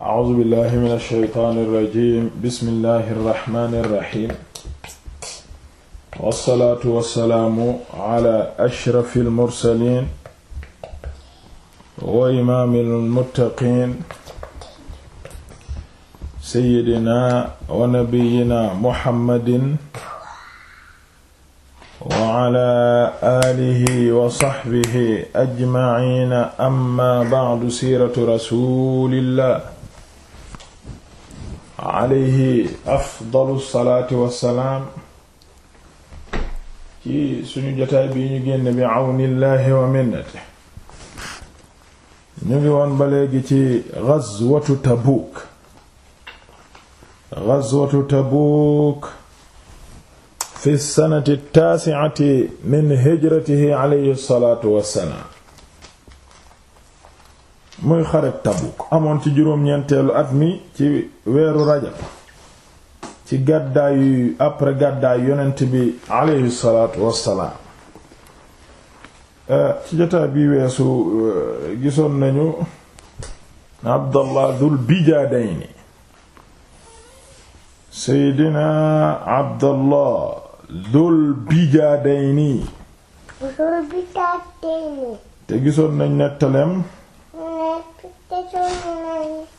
a'uuzu billahi min alsheytaani irrajim bismillahi irrahmani irrahim wassalaatu wassalaamu ala ashrafi almursalin wa imaami almuttaqiin sayyidina wa nabiyina muhammadin wa ala aalihi wa saxbihi ajmaciina amma bacdu siiratu rasulillah alayhi afdalu salaati wassalaam ci suñu jotaay bi ñu génn bi awnillahi wa minnati ñu ngi woon ba léegi ci gazwatu tabuuk gazwatu tabuuk fi sanati taasi'ati min hijratihi alayhi salaatu wassalaam muy xareb Tabuk amoon ci juróom-ñeenteelu at mi ci weeru rajab ci gàddaayu après gàddaayu yonent bi aleyhi salaatu wassalaam eh, ci jotaay bi weesu eh, gisoon nañu Abdallah dul Bijaadayni Seydina Abdallah dul Bijaadayni te gisoon nañ nettaleem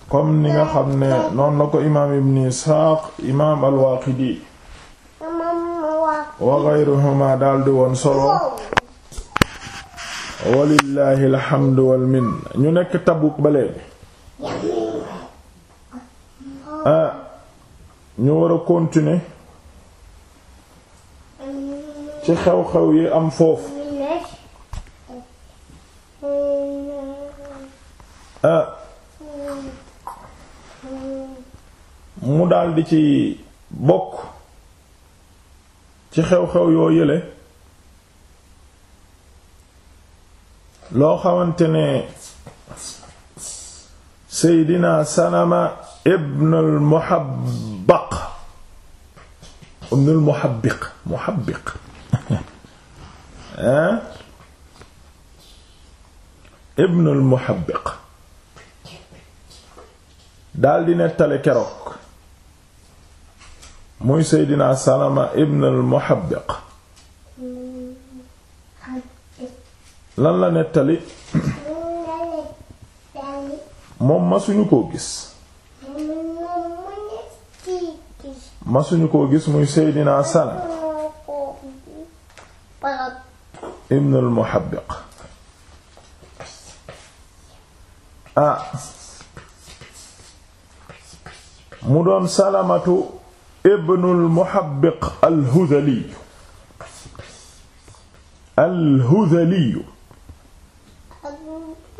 comme ni nga xam ne noonu na ko imaam ibn Isxaaq imaam al-Waaqidi wa ghayruhuma daldi woon solo walillahi alhamdu wal minna ñu nekk Tabuk balee ah ñu wara a ci xew-xew yi am foofu Ah. mu daldi ci bokk ci xew-xew yoo yële loo xamante ne seydina Salama ibn al Muhabbaq ibn al Muhabbiq Muhabbiq eh? ibn al Muhabbiq daldi nettale keroog muy seydina salama ibn al muhabbiq lan la nettali moom masuñu koo gis masuñu koo gis muy seydina salama ibn al mu doon salamatu ibnul muhabbiq alhudhali alhudhali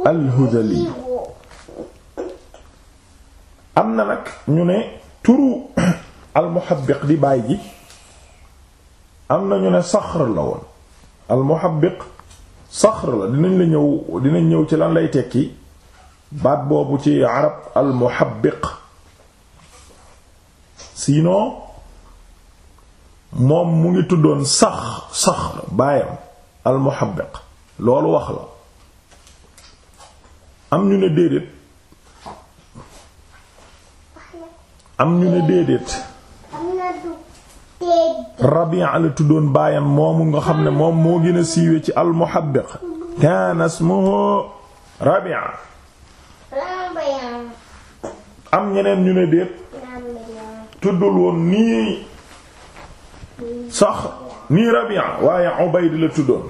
alhudhali am na nag ñu ne turu almuhabbiq di baay ji am na ñu ne saxr la woon almuhabbiq saxr la dinañ la ñëw dinañ ñëw ci lan lay tekki baat boobu ci arab almuhabbiq sinon moom mu ngi tuddoon sax sax la baayam almuhabbiq loolu wax la am ñu ne déedéet am ñu ne déedéet Rabi'a la tuddoon baayam moomu nga xam ne moom moo gën a siiwe ci almuhabbiq kaana ismuhu Rabi'a am ñeneen ñu ne déet tuddul woon nii sax nii Rabia waaye Ubayd tuddoon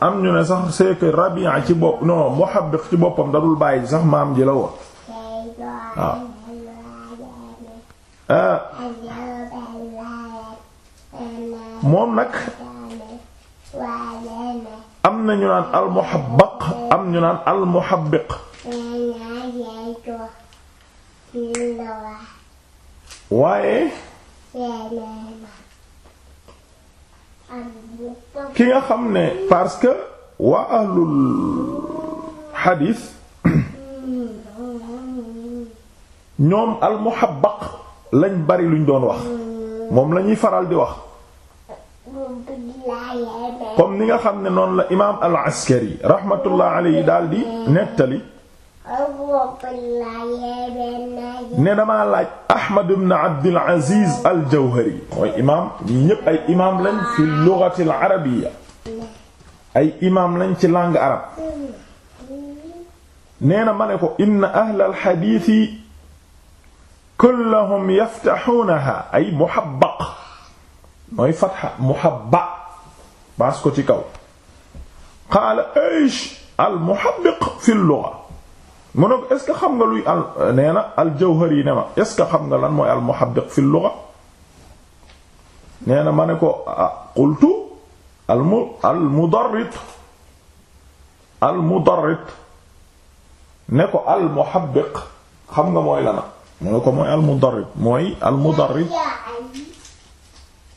am ñu ne sax c'est que Rabia ci bopp non Muhabbiq ci boppam dadul bàyyi sax maam ji la woon ah. moom nag am na ñu naan al-Muhabbaq am ñu naan al waaye ki nga xam ne parce que waa ahlul xadiis ñoom almuhabbaq lañ bari luñ doon wax moom lañuy faral di wax comme ni nga xam ne noonu la imaam al askari raxmatullah yi daal di nettali ne damaa laaj Ahmad ibn Abdul Aziz al Jawhari mooy imaam lañ fi lughati al arabiyya ay imaam lañ ci langue arab nee na ma ne ko inna ahla al hadiisi kulluhum yaftahuunaha ay muhabbaq mooy fatha muhabba baas ko ci kaw qaala al muhabbiq fi al mu ne ko est que xam nga luy al nee na al jawhari ne ma est ce que xam nga lan mooy al muhabbiq fi lugha nee na ma ne ko ah, qultu al mu al mudarrit al mudarrit ne ko al muhabbiq xam nga mooy lana mu ne ko mooy al mudarrit mooy al mudarrit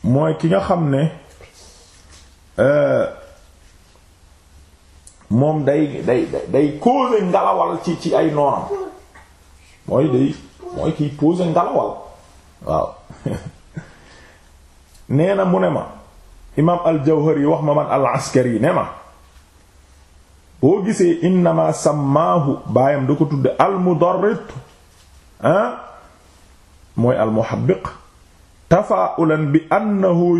mooy ki nga xam ne. Euh, moom day day day causer ngalawal ci ci ay noonam mooy day mooy kiy poser ngalawal waaw na mu ne ma imaam al-Jawhari wax ma man al ne ma boo gisee innama sammaahu baayam da ko tudde al-Mudarrit ah mooy al-Muhabbiq tafaa'ulan bi annahu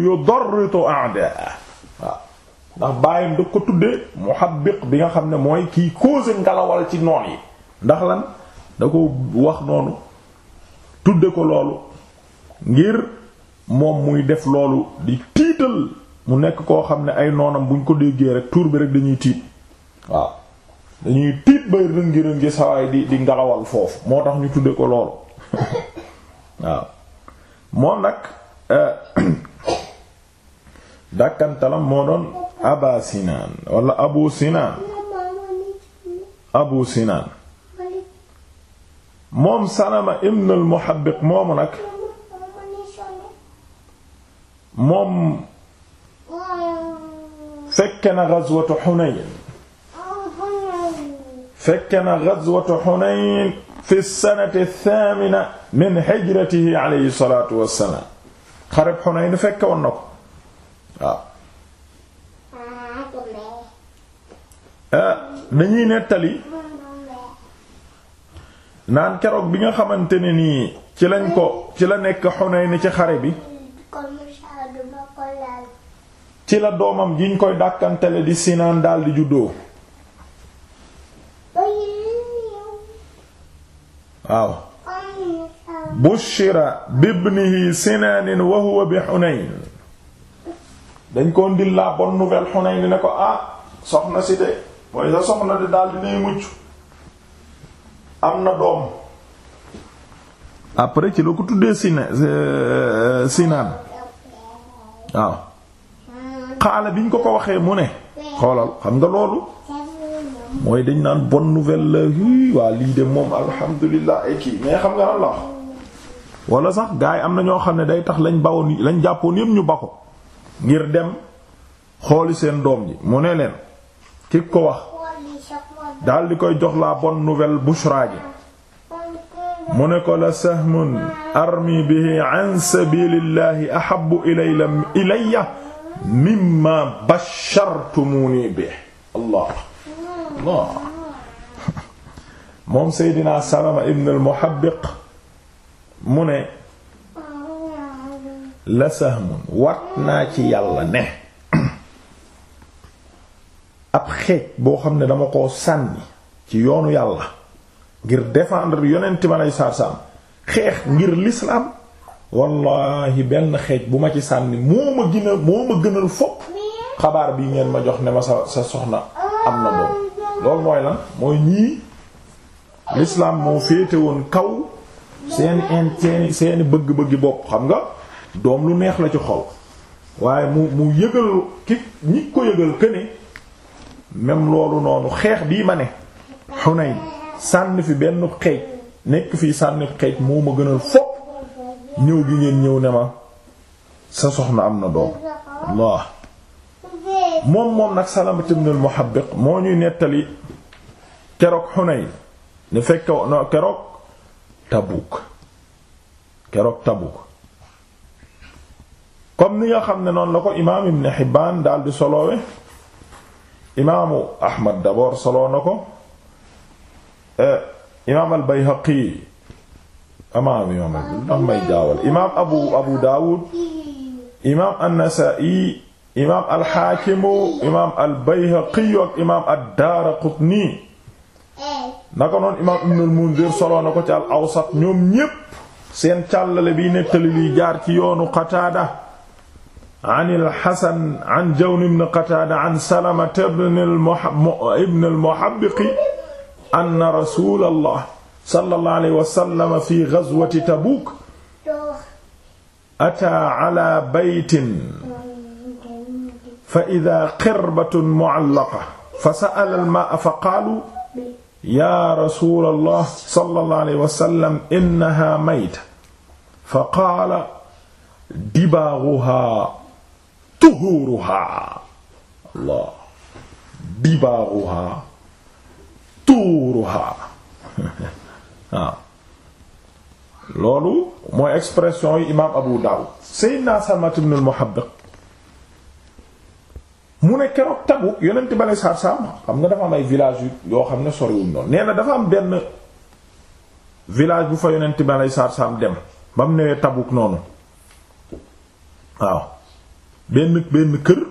ndax bàyyam da ko tudde béq bi nga xam ne mooy kiy cause ngalawal ci noon yi ndax lan da ko wax noonu tudde ko loolu ngir moom muy def loolu di tiital mu nekk koo xam ne ay noonam buñ ko déggee rek tur bi rek dañuy tiit waaw dañuy tiit bay rëngi-rëngi sawaay di di ngalawal foofu moo tax ñu tudde ko loolu waaw moom nag euh, dàkkantalam moo doon Aba Sinaan wala Abu Sinaan Abu Sinaan moom Salama ibn al-Muhabbiq moomu nag moom fekke na gazwatu Hunayn fekke na gazwatu Hunayn fi sanati thamina min hijratihi alayhi salaatu wa salaam xareb Hunayn fekke woon na ko waaw Euh, dañuy nettali naan keroog bi nga xamante ne nii ci lañ ko ci la nekk Hunayn ci xare bi ci la doomam jiñ koy dàkkantele di Sinaan daldi juddoo waaw bushira bibnihi Sinaanin wa huwa bi Hunayn dañ ko ndil la nouvelle Hunayn ne ko ah soxna si de mooy sa soxna di daal dinay mucc am na doom après ci la ko tuddee sina euh, euh, sinaan waaw xaala bi ñu ko ko waxee mu ne xoolal xam nga loolu mooy dañ naan bon nouvelle la waa lii de moom alhamdulilah ay kii xam nga lan la wala sax gars yi am na ñoo xam ne day tax lañ bawoon lañ jàppoon yëpp ñu ba ko ngir dem xooli seen doom ji mu ne leen ki wax daal koy jox la bon nouvelle bushra ji mu ne ko la sahmun armi bihi an sabilillahi ahabbu ilayya mimma bashartumuni bihi allah allah moom Seydina Salama ibn al-Muhabbiq mu la sahmun wat naa ci yàlla ab xeej boo xam ne dama koo sànni ci yoonu yàlla ngir défendre yonent ma lay saar-saam xeex ngir l'islam wallahi benn xeej bu ma ci sànni moo ma gën moo ma gënal fopp xabaar bi ngeen ma jox ne ma sa sa soxna am na doom loolu mooy lan mooy ñii l'islam moo féete woon kaw seen in seeni bëgg-bëggi bopp xam nga doom lu neex la ci xol waaye mu mu yëgal ki ñi ko yëgal këne même loolu noonu xeex bii ma ne Hunayn sànni fi benn xeej nekk fii sànni xeej moo ma gënal fopp ñëw gi ngeen ñëw ne ma sa soxna am na doom Allah moom moom nag Salamat ibn al moo ñuy nettali keroog Hunayn ne fekk no keroog Tabuk keroog Tabuk comme ni nga xam ne noonu la ko imaam Ibn Hibbaan daal di soloowe imaamu Ahmad d'abord soloo na ko eh, imaam al-Bayhaqi amaam imaam ndax may jaawal imaam Abu Abu imaam an-Nasa'i imaam al-Hakim imaam al-Bayhaqi ak imaam ad-Daraqutni naka noonu imaam Ibn al-Munzir soloo na ko ci al-Awsat ñoom ñépp seen càllale bi nettali luy jaar ci yoonu Qataada an al-Hasan an Jawn ibn Qataada an Salama ibn al-Muhabbiq anna rasuulallah sallallahu alayhi wa sallam fi ghazwati Tabuuk ataa ala baytin fa idaa qirbatun mu'allaqa fa sa'ala al-maa'a fa qaaluu yaa rasuulallah sallallahu alayhi wa sallam innahaa mayta fa qaala dibaaghuhaa tuhuruha allah loolu mooy expression yi imaam Abu Dawud Seydina Salmat ibn al-Muhabbiq mu ne keroog Tabuk yonent bale saar saam xam nga dafa am ay village yoo xam ne soriwuñ noonu nee na dafa am benn village bu fa yonent bale saar saam dem ba mu newee Tabuk noonu waaw benn benn kër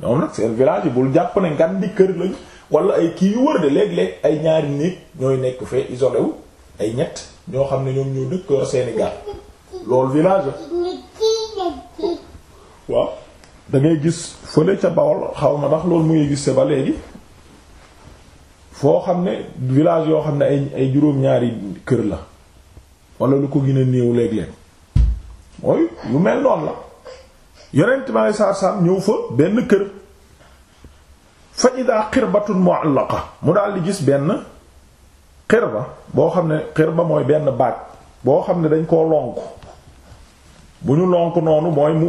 ñoom nag seen village yi bul jàpp ne ngan kër lañ wala ay kii yu wër de léeg-léeg ay ñaari néeg ñooy nekk fee isolé wu ay ñett ñoo xam ne ñoom ñoo dëkk Sénégal loolu village waaw da gis fële ca Bawol xaw ma ndax lool mu ngi gis ba léegi foo xam ne village yoo xam ne ay ay juróom-ñaari kër la wala lu ko gën a néew léeg-léeg mooy yu mel noonu la yonent bi aleyhi salaatu salaam ñëw fa benn kër fa ida xirbatun mu'allaqa mu daal di gis benn xirba boo xam ne xirba mooy benn baag boo xam ne dañ koo lonk bu ñu lonk noonu mooy mu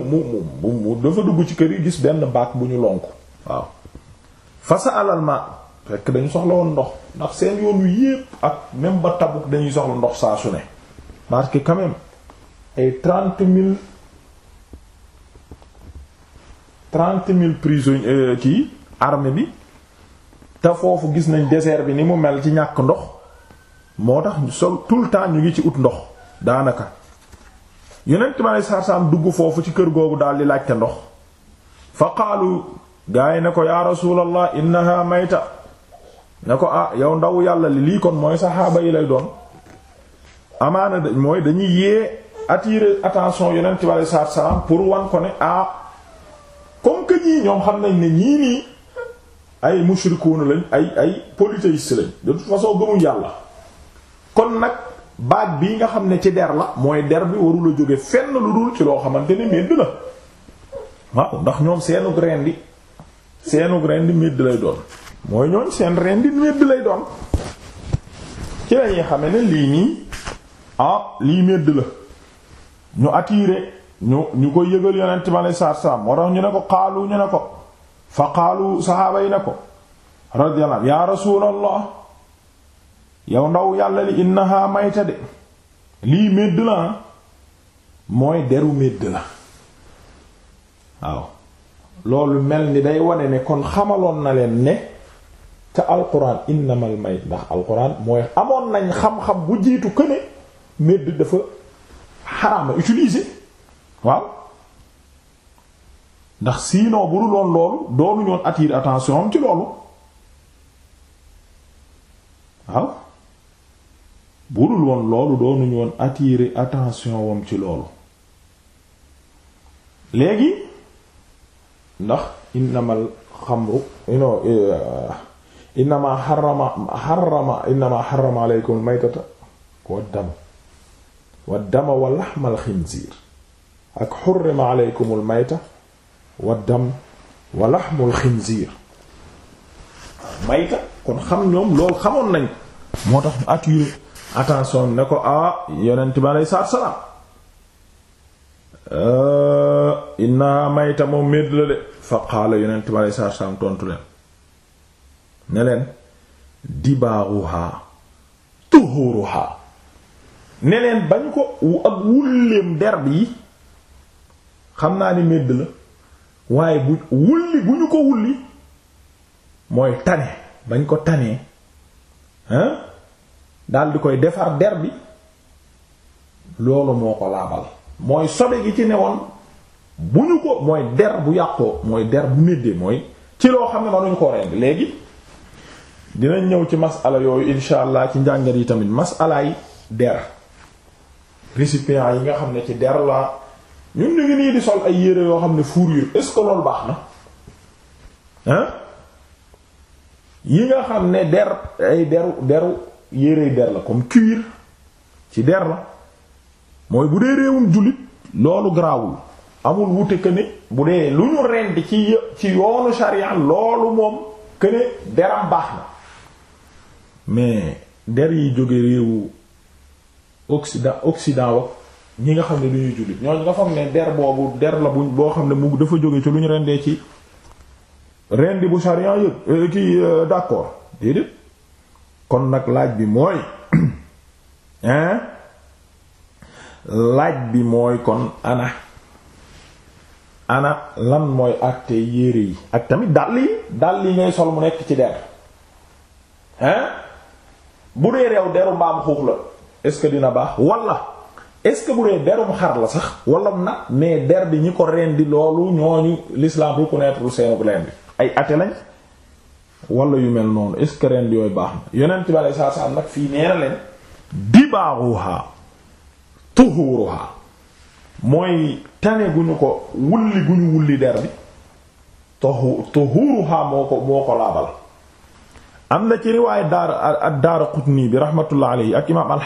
mu mu dafa dugg ci kër yi gis benn baag bu ñu lonk waaw fa sa alal ma fekk dañu soxla woon ndox ndax seen yoon wi yépp ak même ba dañuy soxla ndox saa su ne parce que quand ay trente mille trente mille prisonniers euh, kii arme bi te foofu gis nañ désert bi ni mu mel ci ñàkk ndox moo tax sol tout le temps ñu ngi ci ut ndox daanaka yonent ma ne sarsam dugg foofu ci kër googu daal di laajte ndox fa qaalu gaa yi ne ko yaa rasulallah innaha mayta ne ko ah yow ndaw yàlla li lii kon mooy saxaaba yi lay doon amaana mooy dañuy yee attirer attention yonent ma ne sarsam pour wan ko ne ah que ñii ñoom xam nañ ne ñii nii ay mushrikuuna lañ ay ay polythéistes lañ de toute façon gëmuñ yàlla kon nag baat bii nga xam ne ci der la mooy der bi warula jóge fenn lu dul ci loo xamante ne médd la waaw ndax ñoom seenu grain di seenu grain di lay doon mooy ñooñ seen reen di lay doon ci lañuy xame ne lii nii ah lii médd la ñu attiré ñu ñu ko yëgal yonent ma lay saar-saam moo ñu ne ko xaalu ñu ne ko fa xaalu saxaaba yi ne ko radiyallahu yaa rasuulallah yow ndaw yàlla li innaha mayta de lii médd la ah. mooy deru médd la waaw loolu mel ni day wane ne kon xamaloon na leen ne ca alquran innamal mayt ndax alquran mooy amoon nañ xam-xam bu jiitu këne médd dafa xaraama utiliser waaw ndax sinon bu dul woon loolu doonu ñoon attirer attention am ci loolu waaw bu dul woon loolu doonuñu woon attirer attention woom ci loolu léegi ndax innamal xamru ino eh, innama xarama xarama innama xarama aleykum maytata wa dama wa dama wa laxmal xinziir ak xurrima aleykumul mayta wa dam wa laxmul xinziir mayta kon xam ñoom loolu xamoon nañ moo tax attiré attention ne ko ah yonent bi aleyhi salaatu wa salaam euh, inna mayta moom médd la de fa qaala yonent bi aleyhi salaam tontu leen ne leen dibaaruha tuhuruha ne leen bañ ko ak wulleem derb yi xam naa ni medd la waaye bu wulli bu ñu ko wulli mooy tane bañ ko tanee hein dal di koy defar der bi loolu moo ko laabal mooy sobe gi ci newoon bu ñu ko mooy der bu yàqoo mooy der bu méddee mooy ci loo xam ne manuñ ko rend léegi dinañ ñëw ci masala yooyu insha allah ci njàngat yi tamit masalaay der récipients yi nga xam ne ci der la ñun ñu ngi nii di sol ay yére yoo xam ne fourrure est-ce que loolu baax na hein yi nga xam ne der ay deru deru yérey der la comme cuir ci der la mooy bu dee réewum jullit loolu garaawul amul wute que bu dee lu ñu rend ci ci yoonu sharia loolu moom que ne deram baax na mais der yi jóge réewu Occident Occident wa ñi nga xam ne du ñuy jullit ñooñu nga foog ne der boobu der la bu boo xam ne mu dafa jóge ci lu ñu rendee ci rendi bu charian yëpp euh, ki euh, d'accord déedéet kon nag laaj bi mooy hein laaj bi mooy kon ana ana lan mooy àtte yére yi ak tamit dàll yi dàll yi ngay sol mu nekk ci der hein bu dee réew deru mbaam xuux la est-ce que dina baax walla est-ce que bu dee derum xar la sax wala mu nag mais der bi ñi ko rendi loolu ñooñu l'islam reconnaître seenu rendi ay athée lañ wala yu mel noonu est-ce que rendi yooyu baax mooy tane gu ñu ko wulli gu ñu wulli der bi tohu tuhuruha moo ko moo ko laabal am na ci riwaayu daar ad-Daaraqutni bi rahmatullah alayhi ak imaam al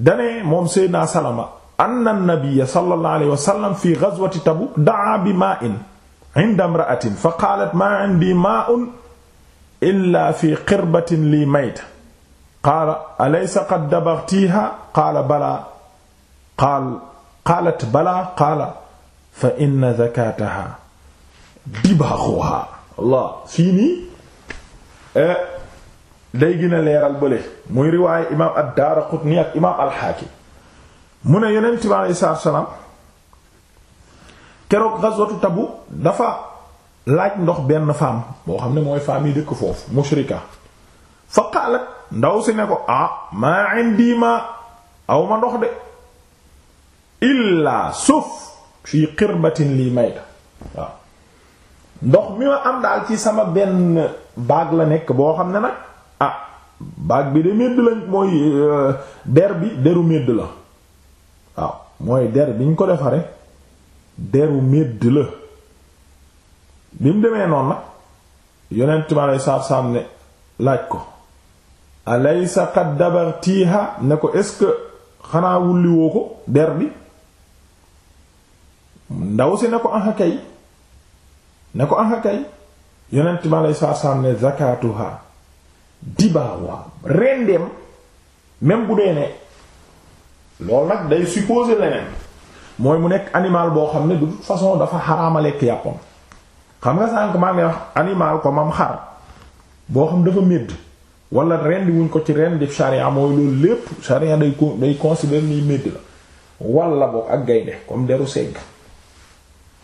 dane moom Seydina Salama anna nabiyya sallallahu alayhi wa sallam fi ghazwati Tabuk da'a bi maa'in 'inda imra'atin fa qaalat ma 'indi maa'un illa fi qirbatin li mayta qaala alaysa qad dabaghtiha qaala balaa qaal qaalat balaa qaala fa inna zakataha dibaaxuha Allah fii nii eh, day gën a leeral bële muy riwaaye imaam ad-Daaraqutni ak imaam al mu ne yonent bi alayhi salaam keroog gazwatu Tabu dafa laaj ndox benn femme boo xam ne mooy femme yi dëkk foofu mushrika fa qaalat ndaw si ne ko ah maa ma ma ndox de illaa suuf fii qirbatin lii may waaw ndox mi ma am daal ci sama benn baag la nekk boo xam ne nag ah baag bi de médd lañ mooy euh, der bi deru médd la waaw mooy der bi ñu ko defaree deru médd la bi mu demee noon nag yonent ma lay saar-saam ne laaj ko alaysa qad dabartiha ne ko est-ce que xanaa wulliwoo ko der bi ndaw si ne ko axa ne ko axa kay yonent ma lay saar-saam ne zakatuha dibaawa rendeem même bu dee ne loolu nag day supposer leneen mooy mu nekk animal boo xam ne de façon dafa xaraama lekk yàppam xam nga sànk maa ngi wax animal ko mam xar boo xam dafa médd wala rendi wuñ ko ci rendi charia mooy loolu lépp charia day ko day considérer ni médd la wala boog ak gaynde comme deru segg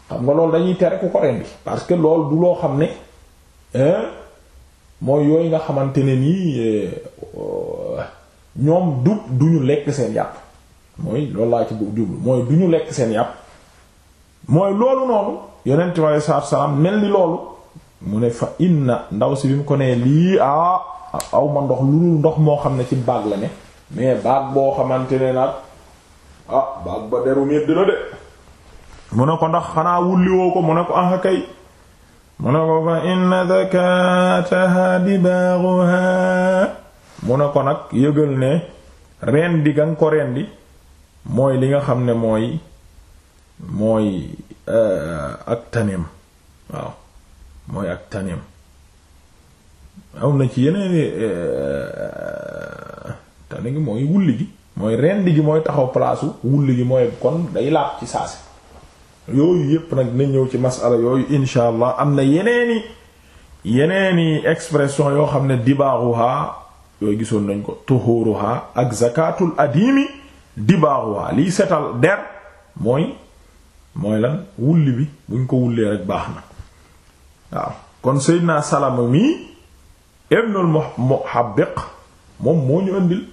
xam nga loolu dañuy tere ku ko rendi parce que lool du loo xam ne mooy yooyu nga xamante ne nii euh, ñoom du duñu lekk seen yàpp mooy loolu laa lekk seen yàpp mooy loolu noonu yonent bi alei mel ni loolu mu ne fa inna ndaw si bi mu ko nee lii ah aw ndox lu dul ndox moo xam ne ci baag la ne mais baag boo xamante ne nag ah baag ba deru medd la de mu ne ko ndax xanaa wulliwoo ko mu ne ko ah kay mu ne ko fa inna zakataha dibaaruha mu ne ko nag yëgal ne rendi ga nga ko rendi mooy li nga xam ne mooy mooy eh, ak taneem waaw mooy ak taneem am na ci yeneen eh, tane gi mooy wulli gi mooy rendi gi mooy taxaw palaasu wulli gi mooy kon day laab ci saasi yooyu yépp nag dina ñëw ci masala yooyu insha allah am na yeneeni yeneeni expression yoo xam ne dibaaruha yooyu gisoon nañ ko tuhuruha ak zakatul adimi dibaaruha liy setal der mooy mooy lan wulli bi buñ ko wullee rek baax na waaw kon Seydina Salama mi ibnul Muhabbiq moom moo ñu indil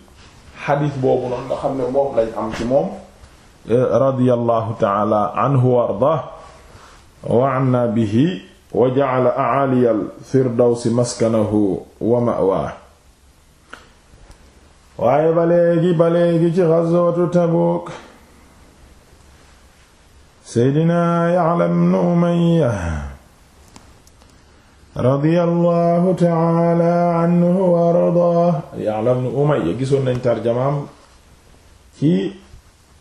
xadiis boobu noonu nga xam ne moom lañ am ci moom radiyallahu ta'ala anhu wa ardaah wa anna bihi wa ja'ala a'aliyal firdawsi maskanahu wa ma'waa waaye ba léegi ba léegi ci ghazwatu Tabuuk seydina Ya'la ibn Umayya radiyallahu ta'ala anhu wa ardaah Ya'la ibn Umayya gisoon nañ tarjamaam ci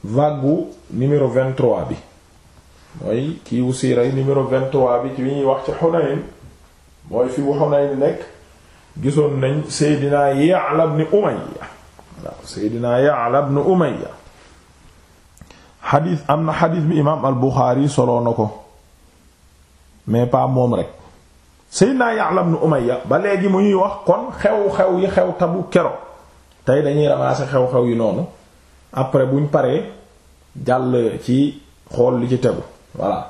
vague bu numéro 23 bi mooy kii wu siira yi numéro 23 bi ci wi ñuy wax ci Hunayn mooy fi bu nekk gisoon nañ seydinaa Ya'la ibn Umayya waaw Seydina Ya'la xadiis am na xadiis bi imaam al Buxaari soloo na ko mais pas moom rek Seydina Ya'la ibn Umayya ba léegi mu ñuy wax kon xew-xew yi xew tabu kero tey dañuy ramasser xew-xew yi noonu après buñ paree jàll ci xool li ci tegu voilà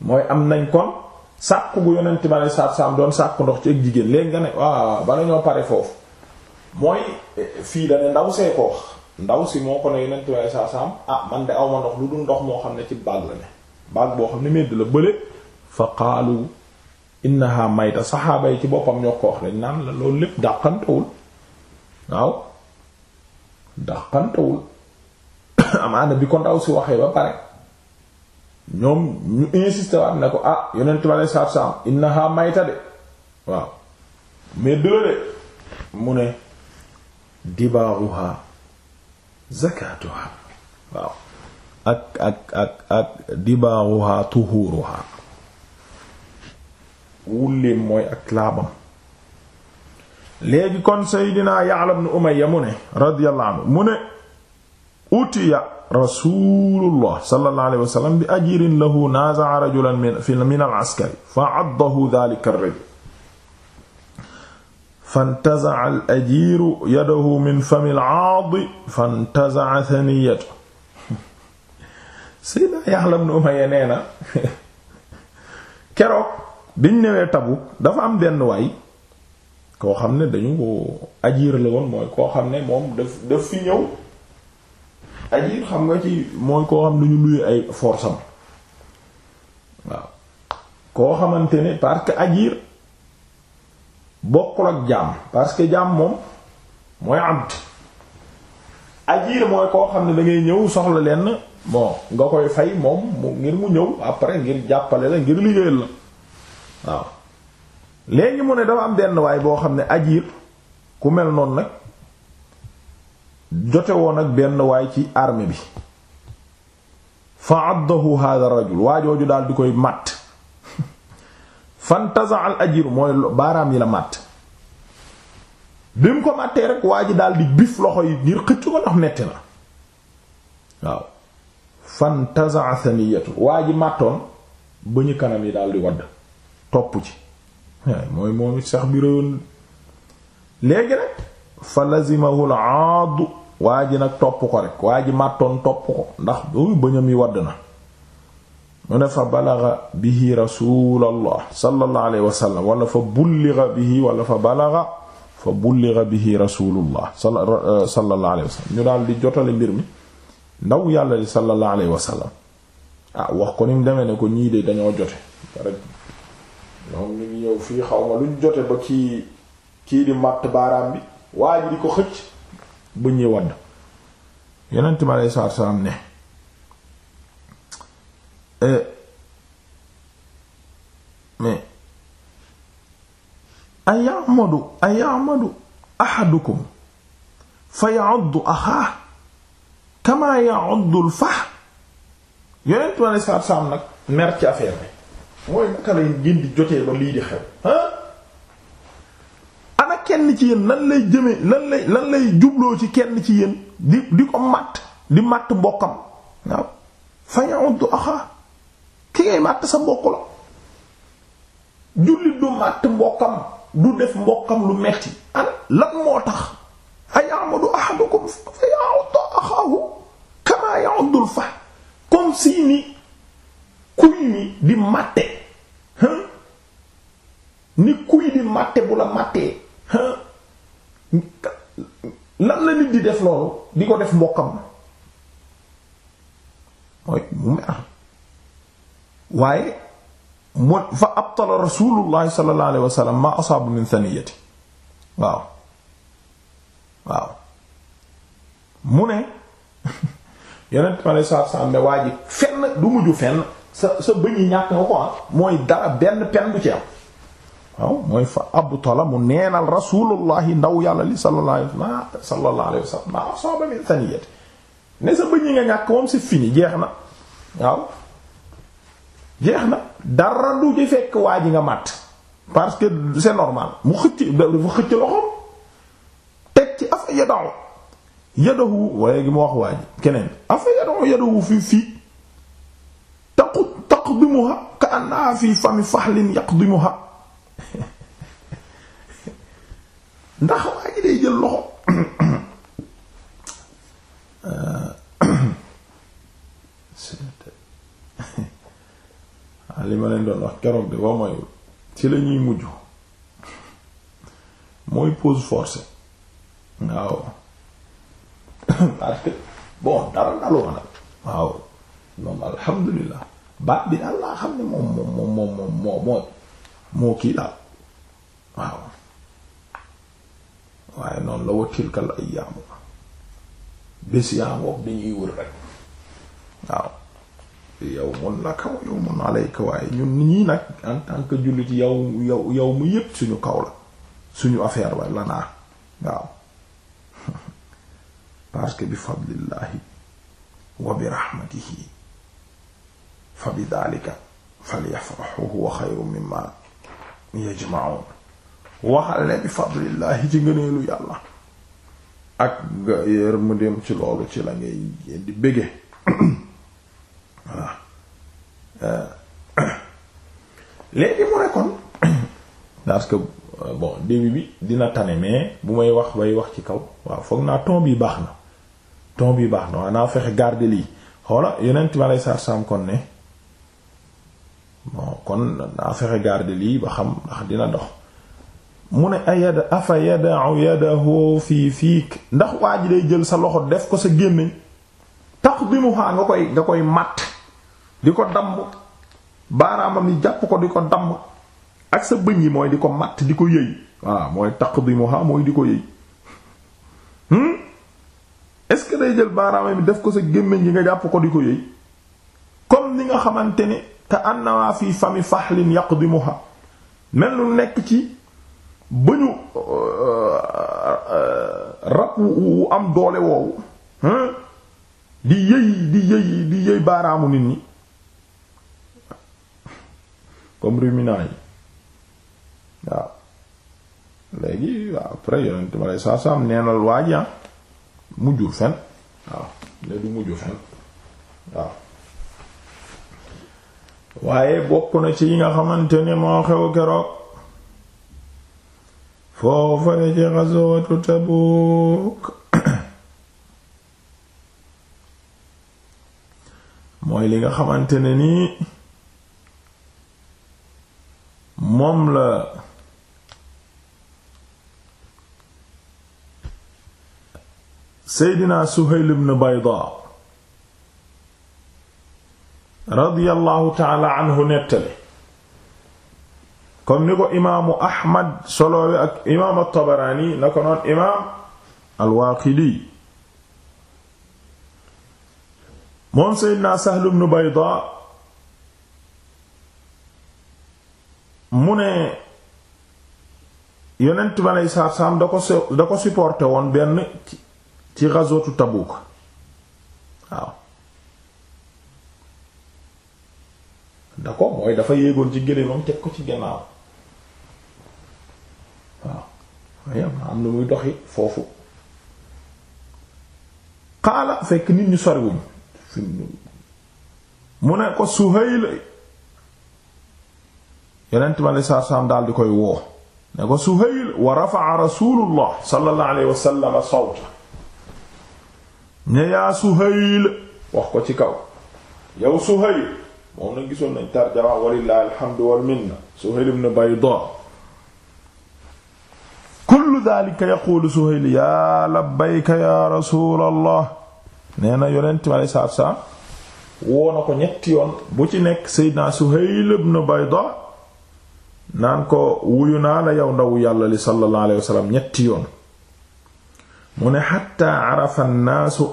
mooy am nañ kon sàkk gu yonent ma ne saat saam doon sàkk ndox ci ak jigéen léegi nga ne waaw bala ñoo pare foofu mooy fii da ne ndaw see ko ndaw si moo ko ne yonent ma ne saat saam ah man de aw ndox lu dul ndox moo xam ne ci baag la ne baag boo xam ne medd la bële fa qaalu innaha mayta saxaaba yi ci boppam ñoo lañ wax naan la loolu lépp dàqantewul waaw dàqantewul amaana bi ko ndaw si waxee ba pare ñoom ñu insisté waat ne ko ah yonent bi alei saatu salaam innaha mayta de waaw mais dëla mu ne dibaaruha zakatuha waaw ak ak ak ak dibaaruha wulleem mooy ak laabam léegi kon Seydina Ya'la ibn Umayya mu ne radiyallahu anhu mu ne utiya rasulullah sallallahu alayhi wa sallam bi ajirin lahu naza'a rajulan min al-askari fa'addahu dhalika ar-rajul fantaza'a al-ajiru yadahu min fami al-'aadi fantaza'a thaniyatuhu Sayyidina Yahla ibn Umayya nee na keroog biñ ñëwee Tabuk dafa am benn waay koo xam ne dañu ko ajir la woon mooy koo xam ne moom daf daf fi ñëw ajir xam nga ci mooy koo xam ne ñu luye ay force am waaw koo xamante ne parce que ajir bokkul ak jàmm parce que jàmm moom mooy abd ajir mooy koo xam ne dangay ñëw soxla lenn bon nga koy fay moom mu ngir mu ñëw après ngir jàppale la ngir liggéeyal la waaw léegi mu ne dafa am benn waay boo xam ne ajir ku mel noonu nag jote woon ak benn waay ci armée bi fa addahu hadha rajul waajooju daal di koy matt fantaza al ajir mooy baaraam yi la matt bi mu ko màttee rek waa daal di bif loxo yi ngir xëcc ko ndax metti na waaw fantaza thaniyatu waa ji màttoon ba kanam yi daal di wadd topp ci mooy moom it sax bi réyoon léegi rek fa lazimahu al aadu waa ji nag topp ko rek waa ji màttoon topp ko ndax uy bëñam yi wadd na mu ne fa balaga bihi rasulallah sallallahu alayhi wasallam wala fa bulliga bihi wala fa balaga fa bulliga bihi rasulullah eh, sallallahu alayhi wasallam ñu daal di jotale mbir mi ndaw yàlla li sallallahu alayhi wasallam ah wax ko ni mu demee ne ko ñii de dañoo jote rek ñoom ñu ngi ñëw fii xaw ma luñ jote ba kii kii di màtt baaraam bi waa ji di ko xëcc bu ñuy wadd yonent bi aleyhi salaatu salaam ne eh, mais ayamadu ayamadu ahadukum fa ya'uddu axaa kama ya'uddu al-fah yonent bi aleyhi salaatu salaam nag mer ci affaire mooy naka lay ngeen jotee ba lii di xew kenn ci yéen lan lay jëme lan lay lan lay jubloo ci kenn ci yéen di di ko matt di matt mbokkam waaw sa mbokk la jullit du matt moo tax a ya'mudu ahadukum fa ya'uddu axaahu kama ya'uddul fa comme si ni kuy ni di matte ni kuy di matte bu la mattee lan la nit di def loolu di ko def mbokkam mooy mu mer waaye mu fa abtala rasulullahi sallallahu alayhi wa sallam ma asaabu min thaniyati waaw waaw mu ne yonent ma lay saab saab ne waa fenn du mujju fenn sa sa bëñ ñàkk nga ko am ah, mooy dara benn pen du ci am waaw mooy fa abtala mu neenal rasulullahi ndaw yàlla li sallallahu alayhi wasallam ah, sallallahu alayhi wasallam ma asaba min saniyati ne sa bëñ nga ñàkk moom c'est fini jeex na waaw jeex na dara du ci fekk waa ji nga màtt parce que c'est normal mu xëcc dafa xëcc loxoom teg ci afa yadahu yadahu waaye gi mu wax waa ji keneen afa yadahu yadahu fii fii taqu taqdimuha ka annaha fii fami fahlin yaqdimuha ndax waa ji day jël loxo li ma leen doon wax keroog de boo mayul ci la mujj mooy pause forcée waaw parce que bon dara daloo nag waaw moom alhamdulilah baat bi daal laa xam ne moom moom moom moom moo moo moo kii daal waaw waaye noonu la wa tilkal ayyaamu bés yaa ngoog dañuy wër rek waaw yawmun laka wa yawmun alayka waaye ñun nit ñi nag en tant jullit yow yow yow mu yépp suñu kaw la suñu affaire la lanaa waaw parce que bi fadlillahi wa bi rahmatihi fa bi daalika falyafrahu huwa xayrun mimma yajma'un waxale bi fadlillahi ci ngëneelu yàlla ak yër mu dem ci loolu ci la ngay di bége voilà eh, léegi mu ne kon parce que euh, bon début bi dina tane mais bu may wax bay wax ci kaw waaw foog naa ton bi baax na ton bi baax na waaw naa fexe garder lii xoola yeneen ma lay sar sam kon ne kon daa fexe garde lii ba xam ndax dina dox mu ne ayada afa yadau yadahu fii fiik ndax waa ji day jël sa loxo def ko sa gémmiñ taqdimuha nga koy nga koy matt di ko damb baaraamam yi jàpp ko di ko damb ak sa bëñ yi mooy di ko matt di ko yëy voilà mooy bi taqdimuha mooy di ko yëy hmm? est-ce que day jël baaraamam yi def ko sa gémmiñ gi nga jàpp ko di ko yëy comme ni nga xamante ne ka annawaa fii fami fahlin yaqdimuha mel lu nekk ci bëñu euh, rab wu am doole woowu di yëy di yëy di yëy baaraamu nit ñi comme ruminant yi waaw léegi waaw après yonent ma lay saa fen waaw waaye bokk na ci yi nga xamante ne moo xew keroog foofa ne ci ghazwatu Tabuk mooy li nga xamante ne nii moom la Seydina Suhayl ibn Bayda radiyallahu taala anhu nettali comme ni ko imaamu ahmad soloowe ak imaam na ko noon imaam al-Waaqidi moom seydinaa Sahl ibn mu ne yonent bi aleyhi salaatu salaam da ko da woon benn ci ci ghazwatu na ko mooy dafa yéegoon ci gélémam teg ko ci gannaaw waaw waaye am lu muy doxi foofu xaala fekk nit ñu soriwuñ mu ne ko Suhayl yonent ma saa saam daal di koy woo ne ko Suhayl wa rafa'a rasulullah sallallahu alayhi wa sallam sawta ne yaa Suhayl wax ko ci kaw yow Suhayl moom na gisoon nañ tarjama walillahi alhamdu wal minna Suhayl ibn Bayda kullu dhalika yaqulu Suhayl ya labbayka ya nee na yonent mi alei saatu salaam woo ko ñetti yoon bu ci nekk Seydina Suhayl ibn Bayda naan ko wuyu naa la yow ndaw yàlla li sallallahu alayhi ñetti yoon mu ne xatta arafa annaasu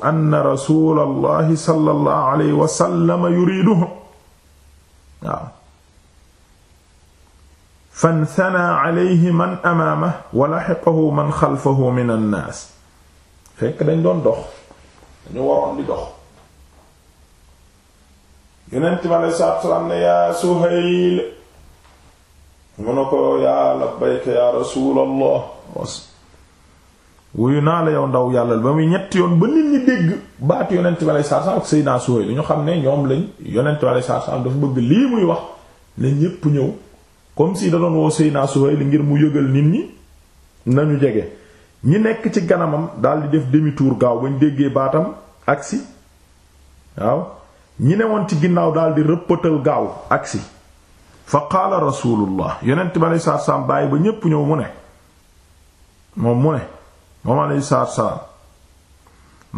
allahi sallallahu alayhi waaw fanthana alayhi man amaama wa laxiqahu man xalfahu min annaas fekk dañ doon dox dañu waroon di dox yonent bi aleyhi salaatu wa salaam ne yaa Suhayl mu ne ko yaa labbayka yaa rasuulallah wuyu naa la yow ndaw yàlla ba muy ñetti yoon ba nit ñi dégg baatu yonent bi alayhi salaatu salaam ak Seydina Suhayl ñu xam ne ñoom lañ yonent bi alayhi salaatu salaam dafa bëgg lii muy wax ne ñépp ñëw comme si da doon woo Seydina Suhayl ngir mu yëgal nit ñi nañu jege ñi nekk ci ganamam daal di def demi tour gaaw bañ déggee baatam agsi waaw ñi ne woon ci ginnaaw daal di rëppatal gaaw agsi fa qaala rasulullah yonent bi alayhi salaatu salaam bàyyi ba ñépp ñëw mu ne moom moom alayhi salaatu wasalaam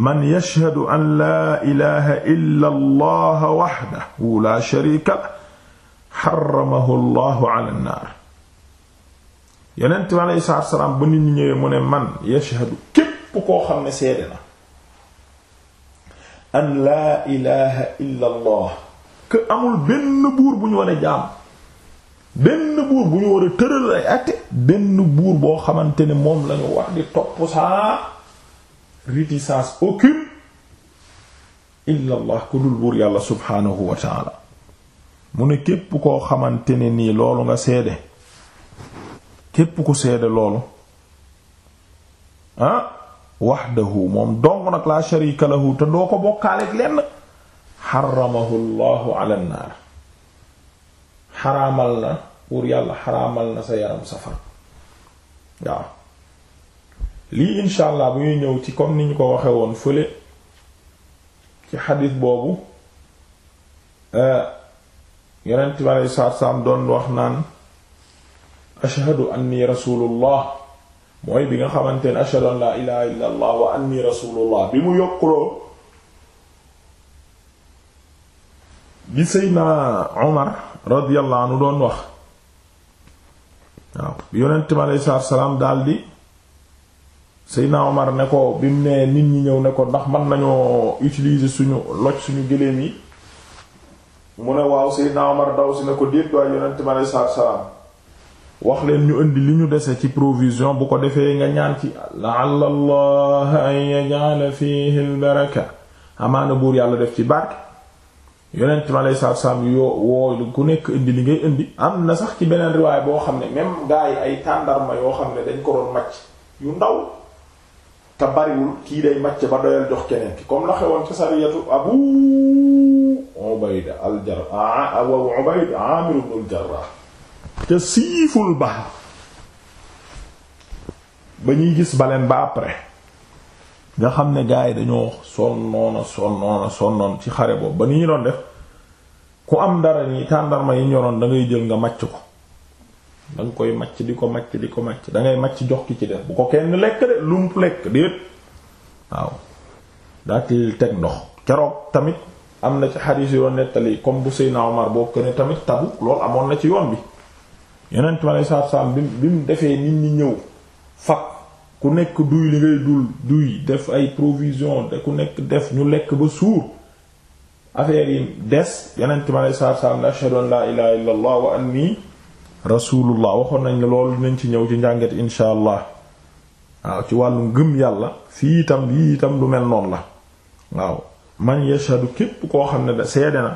man yashhadu an laa ilaha illa allah wahdahu la sharika lah xaramahu llahu ala nnaar yonent bi alayhi salaatu wasalaam ba nit ñi ñëwee mu ne man yashhadu képp koo xam ne seede na an laa ilaha illa allah que amul benn buur bu ñu war a jaam benn buur bu ñu war a tëral ay àtte benn buur boo xamante ni moom lañu wax di topp saa réticence aucune illa ku dul buur yàlla subhaanahu wa mu ne képp koo xamante ne nii loolu nga seede képp ku seede loolu ah waxdahu moom dong nag laa sharika lahu te doo ko bokkaaleeg lenn xaramahu llahu ala nnaar xaraamal na buur yàlla xaraamal na sa yaram safar waaw lii insha allah bu ñuy ñëw ci comme ni ñu ko waxe woon fële ci xadis boobu euh, yonent bi doon wax naan ashhadu anni rasulullah mooy bi nga xamante ne ashhadu an laa ilaha illa allah wa anni rasulullah bi mu yokkuloo bi Seydina Omar radiyallahu anhu doon wax waaw yonent mi aleyhi salaatu salaam daldi Seydina Omar ne ko bi mu nee nit ñi ñëw ne ko ndax mën nañoo utiliser suñu loj suñu gëléem yi mu ne waaw Seydina Omar daw si ne ko déet waaye yonent mi salaam wax leen ñu indi li ñu dese ci provision bu ko defee nga ñaan ci la'alla Allah an yaj'ala fihi baraka amaana buur yàlla def ci barke yonent mi alayhi salaatu salaam ku nekk indi li ngay indi am na sax ci beneen riwaay boo xam ne même gaa yi ay tàndarma yoo xam ne dañ ko doon màcc yu ndaw te bariwul kii day màcc ba doyal jox keneen ki comme la xewoon ci sariyatu Abu Ubayda al-Jarrah ah, Abu Ubayda Aamir jarrah te siiful ba ba ñuy gis baleen ba après nga xam ne gars yi dañoo sonnoona sonnoona sonnoon ci xare boobu ba ni ñu doon def ku am dara ni tàndarma yi ñoroon da ngay jël nga macc ko da koy macc di ko màcc di ko màcc dangay ngay màcc jox ki ci def bu ko kenn lekk de lump lekk déet waaw daa teg ndox keroog tamit am na ci xadiis yoo nettali comme bu Seydina Omar boobu ko tamit Tabuk loolu amoon na ci yoon bi yeneen ma ne saab saab bi bi mu defee nit ñi ñëw fakk ku nekk duy li ngay dul duy def ay provision ku nekk def ñu lekk ba suur affaire yi des yenent mi alei salatu ne ashhadu an la ilaha illa allah wa anni rasulullah waxoon nañ la loolu dinañ ci ñëw ci njànget insha allah waaw ci wàllu ngëm yàlla fii itam yii itam lu mel noonu la waaw man yashhadu képp koo xam ne da seede na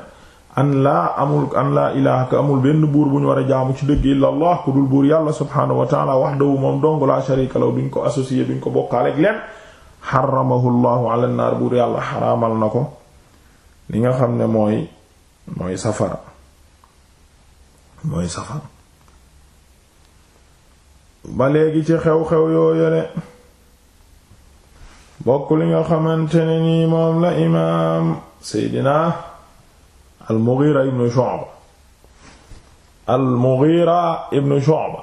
an laa amul an laa ilaha ka amul benn buur bu ñu war a jaamu ci dëgg illa allah ku dul buur yàlla subhaanahu wa taala wahdahu moom dong la sharika law duñ ko associé duñ ko bokkaaleeg leen xaramahu llahu ala naar buur yàlla xaraamal na ko li nga xam ne mooy mooy safara mooy safara ba léegi ci xew-xew yooyole bokk li nga xamante nii moom la imaam seydinaa al-Mughira ibn Shu'ba al-Mughira ibn Shu'ba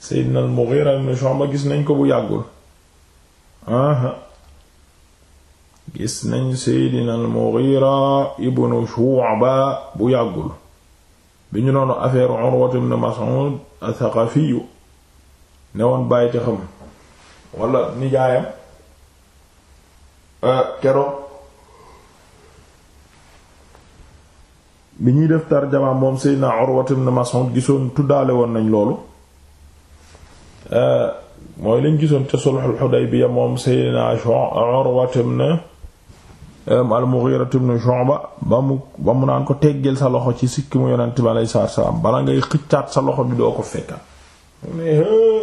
Seydina al-Mughira ibn Shu'ba gis nañ ko bu yàggul aha gis nañ Seydina al-Mughira ibn Shu'ba bu yàggul bi ñu noonu affaire Urwa ibn thaqafi ne woon bàyyi ci xam walla nijaayam eh, bi ñuy def tarjama moom Seydina Urwa ibn Mas'ud gisoon tuddaale woon nañ loolu euh, mooy lañ gisoon ca sulhul Hudaybiya moom Seydina Urwa ibn euh, al-Mughira ibn Shu'ba ba mu ba mu naan ko teggeel sa loxo ci sikki mu yonent bi alayhi salaatu wa bala ngay xëccaat sa loxo bi doo ko fekka mu ne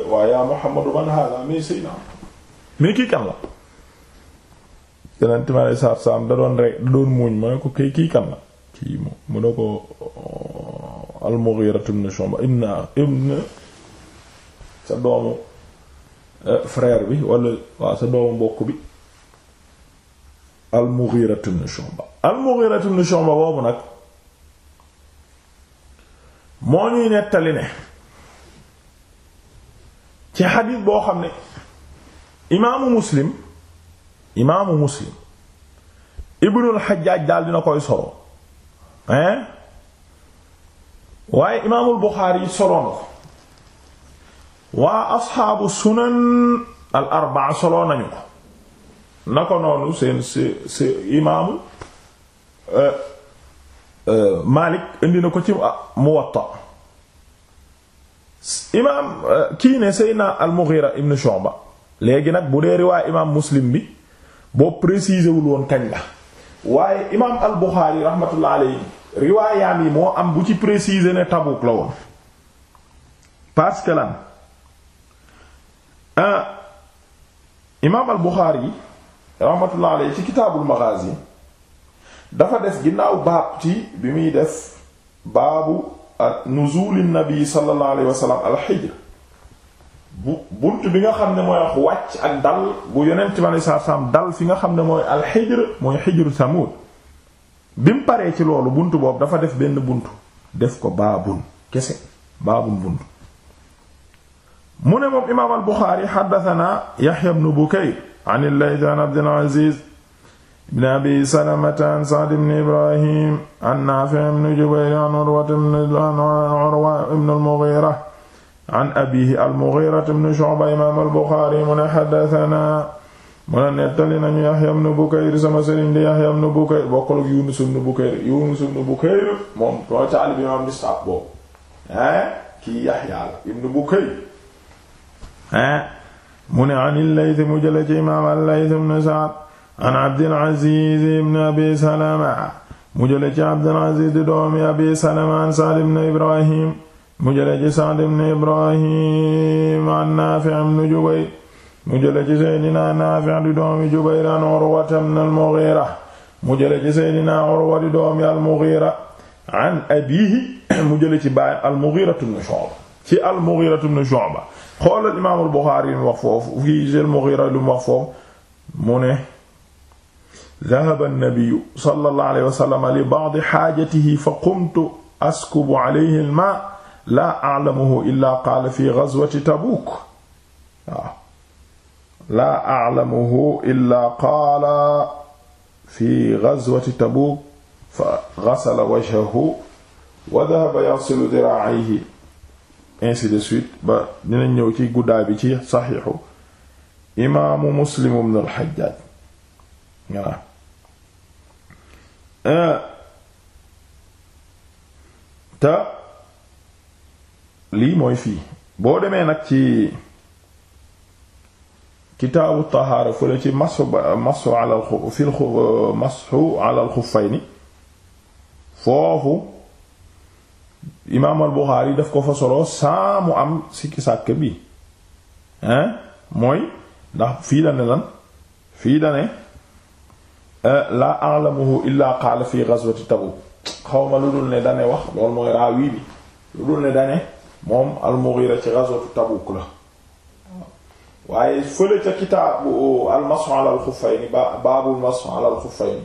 waa yaa Muhammadu man haaza mais Seydina mais kii kan la yonent bi alayhi salaatu wa da doon rek da doon muuñ mooy ko kay kii kan la kii mu mu ne ko oh, al-Mughira ibn Shu'ba sa doomu eh, frère bi wala waaw sa doomu mbokk bi al-Mughira ibn Shu'ba boobu nag moo ñuy nettali ne ci xadiis boo xam ne imaamu muslim imaamu muslim ibnul Hajjaaj daal dina koy solo hein waaye imaamul Buxaari yi soloon ko waa asxaabu sunan al arbaa nañu ko na ko noonu seen si si imaamu euh, euh, Maalik indi na ko ci ah, Muwatta imaam euh, kii ne Seydina al Mughira ibn Shu'ba léegi nag bu dee riwaay imaam Muslim bi boo précisé woon kañ la waaye imaam al Buxaari rahmatullah alayhi riwaayaam yi moo am bu ci préciser ne Tabuk la woon parce que lan euh, imaam al Buxaari rahmatullah alayhi ci kitaabul Maghaazi dafa des ginnaaw baab ci bi muy def baabu nuzuuli nabi sallallahu alayhi wa sallam al hijr bu bunt bi nga xam ne mooy wax wàcc ak dal bu yonent bi aleyhi salaatu dal fi nga xam ne mooy alxijr mooy xijru samud bi mu paree ci loolu bunt boobu dafa def benn bunt def ko baabun kese baabun bunt mu ne moom imaam al buxaari xaddatanaa yaxya bnu bukayr an illayth an abdil aziz bn abi salamata an saad bn ibrahim an naafi bn jubayr an urwa bn al mughira an abihi al-Mughira ibn Shu'ba imaam al-Buxaari mu ne haddasanaa mu ne nettali nañu Yahya ibn Bukayr sama sëriñ di Yahya ibn Bukayr bokkul ak Yunus ibn Bukayr Yunus ibn Bukayr moom tooy taali bi imaam Isaaq boobu kii Yahya la ibn Bukayr mu ne an al-Layth mu jële ci imaam al-Layth ibn Sa'd an Abdul Aziz ibn Abi Salama mu jële ci Abdul Aziz di doomi Abi Salama an Sa'd ibn Ibrahim mu jële ci Sa'd ibn Ibrahim an Naafi' ibn Jubayr mu jële ci Seydina Naafi' di doomi Jubayr an Urwa ibn al-Mughira mu jële ci Seydina Urwa di doomi al-Mughira an abiihi mu jële ci baay al-Mughira ibn Shu'ba ci al-Mughira ibn Shu'ba xoolal imaamul Buxaari mu wax foofu fii al-Mughira lu mu wax foofu mu ne dahaba nnabiu sala allah aleyhi wa sallam li badi xaajatihi fa qumtu askubu alayhi al-maa laa a'lamuhu illaa qaala fi ghazwati Tabuuk waaw laa a'lamuhu illaa qaala fi ghazwati Tabuuk fa ghasala wajhahu wa dhahaba yaghsilu dhiraa'ayhi ainsi de suite ba dina ñëw ci guddaa bi ci saxiixu imaamu Muslim ibn al-Hajjaaj voilà lii mooy fii boo demee nag ci kitaabu tahaara fële ci masu masu alal xu fil xu masu alal xuffayni foofu imaamal Buxaari daf ko fa solo am sikki sàkk bi hein mooy ndax fii dane lan fii dane eh, laa a'lamuhu illaa qaala fi ghazwati Tabuk xaw lu dul ne dane wax loolu mooy raawi bi lu dul ne dane moom al-Mughira ci ghazwatu Tabuk la waaye fële ca kitaabu al-mashu ala al-khuffayn baabul mashu ala al-khuffayn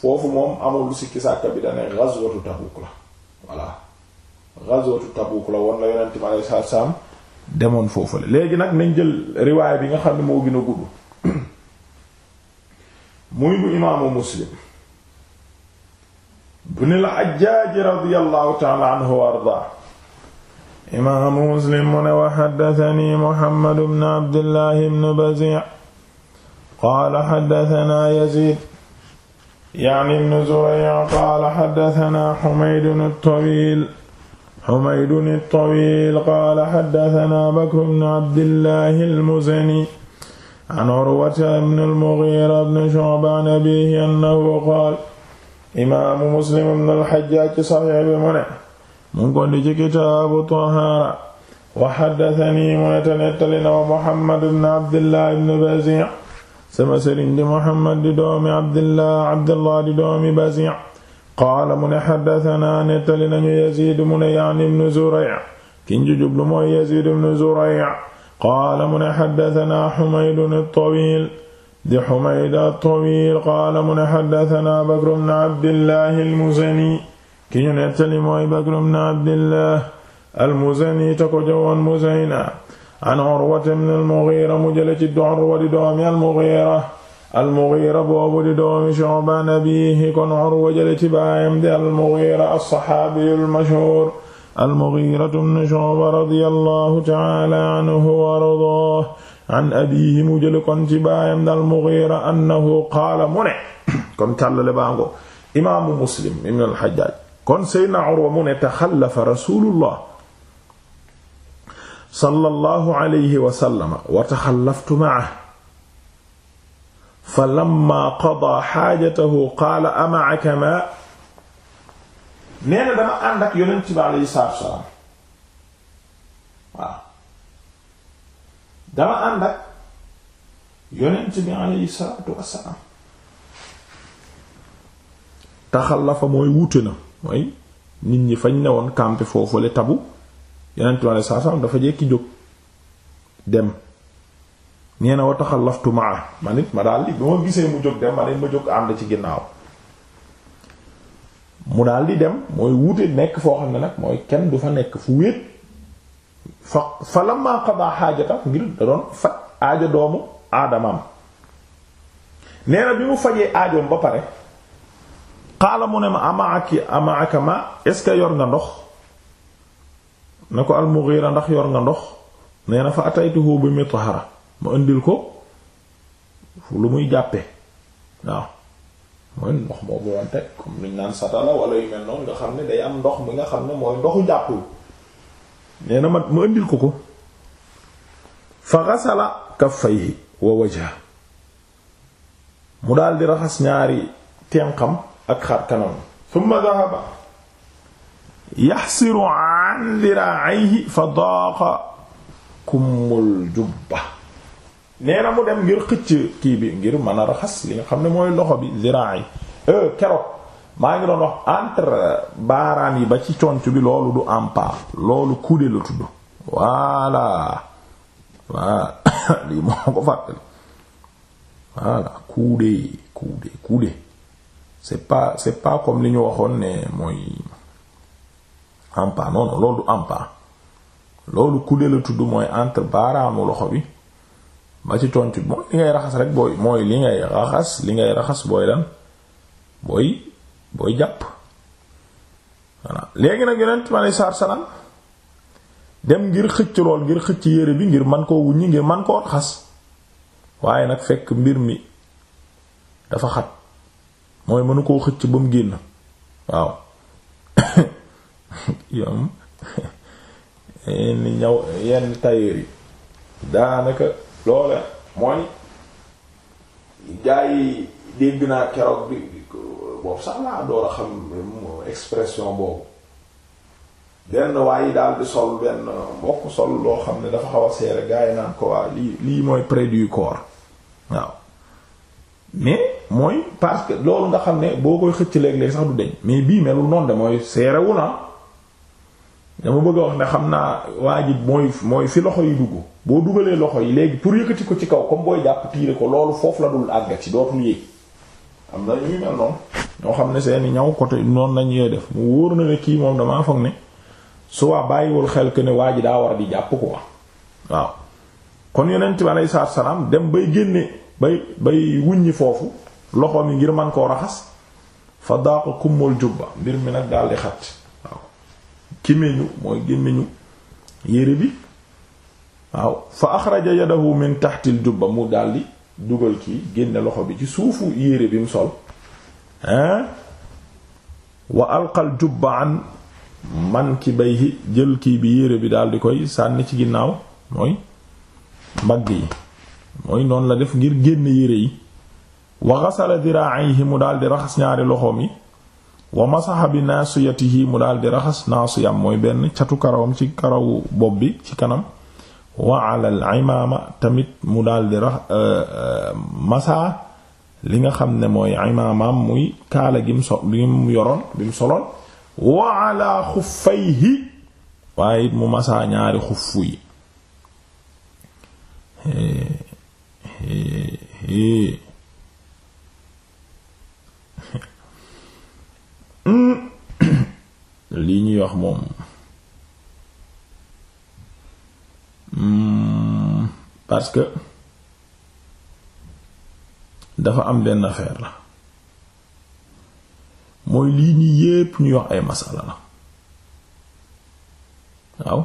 foofu moom amul sikki sàkka bi dane ghazwatu Tabuk la voilà ghazwatu Tabuk la woon la yonente mi alei saatu demoon foofu la léegi nag nañ jël riwaay bi nga xam ne moo gën a gudd muy bu imaamu Muslim ibn al-Hajjaj radiyallahu ta'ala anhu wa imaamu muslim mu ne wa xaddatani muhammadu bnu abdillahi bnu bazi' qaala xaddatanaa yazid yani bnu zuray' qaala xaddatanaa xumaydun at-tawiil xumaydun at-tawiil qaala xaddatanaa bakru bnu abdillahi al-muzani an urwata bnu al-mughiira bnu shu'ba an abiihi annahu qaala imaamu muslim bnu al-hajjaaj saxiix bi mu ne mu ngi ko indi ci kitaabu tahaara wa xaddatani mu neta nettali na wa Muhammad ibn Abdillah ibn Bazi' sama sëriñ di Muhammad di doomi Abdillah Abdillah di doomi Bazi' qaala mu ne xaddatana nettali nañu Yaziid mu ne yaani ibn Zuray' ki ñu jublu mooy Yaziid ibn Zuray' qaala mu ne xaddatana Humayd at-Tawiil di Humayd at-Tawiil qaala mu ne xaddatana Bakr ibn Abdillah al-Muzani ki ñu nettali mooy Bakr ibn Abdillah al-Muzani te ko jawoon Muzayna an Urwa ibn al-Mughira mu jële ci Urwa di doomi al-Mughira al-Mughira boobu di doomi Shu'ban abiihi kon Urwa jële ci baayam di al-Mughira as-saxaabi al-mashhuur al-Mughira ibn Shu'ba radiyallahu ta'ala anhu wa ardaahu an abiihi mu jële kon ci baayam di al-Mughira annahu qaala mu ne kon tallale baango imaamu Muslim ibn al-Hajjaaj kon Seydina Urwa mu ne taxallafa rasulullah sallallahu alayhi wa sallam wa taxallaftu ma'ahu fa lamma qadaa xaajatahu qaala ama'aka maa nee na dama ànd ak yonent bi alayhi salaatu wa salaam waaw dama ànd ak yonent bi alayhi salaatu wa salaam taxallafa mooy wuute na mooy nit ñi fañ newoon woon campé foofule tabu yeneen tubaab saa saa dafa jekki jóg dem nee na wa taxallaftu maa ma nit ma daal di ba gisee mu jóg dem ma ne ma ci ginnaaw mu daal di dem mooy wuute nekk foo xam ne nag mooy kenn du fa nekk fu wéet fa fa lamma xaajata ngir da doon faj aajo doomu aadamam nee na bi mu fajee aajoom ba pare. xaala mu ne ma amaaki amaaka ma est-ce que yor nga ndox na ko al ndax yor nga ndox nee na fa ataytuhu bi mithara ma indil ko lu muy jàppe waaw mooy ndox boobu wante comme xam ne day am mi nga xam ne mooy ndoxu jàppul nee na ma ma indil ko ko fa ghasala kaffayhi wa wajha mu daldi raxas ñaari tenqam ak xar kanam thumma dhahaba an diraa'ihi fa daaqa kummul jubba nee mu dem ngir xëcc kii bi ngir mën a raxas li nga xam ne mooy loxo bi diraa'i euh, keroog maa ngi doon wax ba ci conc bi loolu du ampa loolu coude la tudd voilà waa lii moo ko fàttali voilà coude coude coude c'est pas c'est pas comme li ñu waxoon ne mooy ampa non loolu du ampa loolu kuddee la tudd mooy entre baaraamu loxo bi ba ci tontu bi mooy li ngay raxas rek booy mooy li ngay raxas li ngay raxas booy lan booy booy jàpp voilà léegi nag yonent ma lay saar sanam dem ngir xëcc lool ngir xëcc yére bi ngir man koo wuññi ngir man koo raxas waaye nag fekk mbir mi dafa xat mooy mënu koo xëcc ba mu génn waaw yom yenn ñaw yi daanaka loole mooy gaa yi dégg naa keroog bi boobu sax laa door a xam expression boobu benn waaye daal di sol benn mbokk sol loo xam ne dafa xaw a seere gaa yi naan ko waa lii lii mooy près du corps waaw mais mooy parce que loolu nga xam ne boo koy xëcc léeg-léeg sax du deñ mais bii melul noon de mooy seerewu na ah. dama bëgg wax ne xam naa waa ji mooy mooy fi loxo yi dugg boo dugalee loxo yi léegi pour yëkkati ko ci kaw comme booy jàpp tiire ko loolu foofu la dul àggat ci dootul yéeg am na ñuy mel noonu ñoo xam ne seeni ñaw côté noonu nañuy def mu wóor na ne kii moom damaa foog ne suwaa bàyyiwul xel que ne waa ji daa war a di jàpp ko waaw kon yonent bi aleyhi salaatu wa salaam dem bay génne bay bay wuññi foofu loxo mi ngir man koo raxas fa daaqa kummul jubba mbir mi nag daldi xat waaw gémmiñu mooy gémmiñu yére bi waaw fa axraja yadahu min taxtil jubba mu daldi dugal kii génne loxo bi ci suufu yére bi mu sol hein wa alqal jubba man ki bayhi jël kii bi yére bi daldi koy sànni ci ginnaaw mooy mbagg yi mooy noonu la def ngir génn yére yi wa xasala diraayihi mu daal raxas ñaari loxoom yi wa masaxa bi naasiyatihi mu daldi di raxas naasiyam mooy benn catu karawam ci karawu bopp bi ci kanam wa alal imaama tamit mu daldi di euh, euh, masaa li nga xam ne mooy imaamaam muy kaala gi mu so gi mu yoroon bi mu waaye it mu masaa ñaari xuffu yi lii ñuy wax moom hmm, parce que dafa am lenn affaire la mooy lii nii yépp ñuy wax ay masala la waaw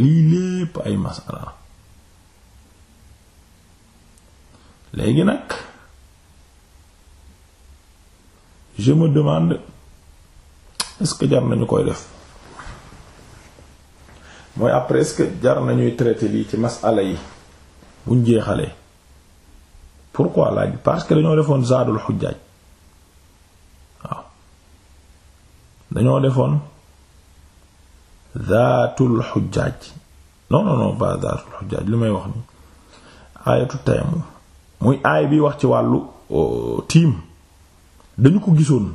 lii lépp ay masala la léegi nag je me demande est que jar nañu koy def mooy après est jar nañuy traiter lii ci masala yi bu jeexalee pourquoi laaj parce que dañoo defoon zaadul xujjaaj waaw dañoo defoon zaatul xujjaaj non non pas zaatul xujjaaj li may wax ni ayatu tayammum muy aay bi wax ci wàllu euh, tiim dañu ko gisoon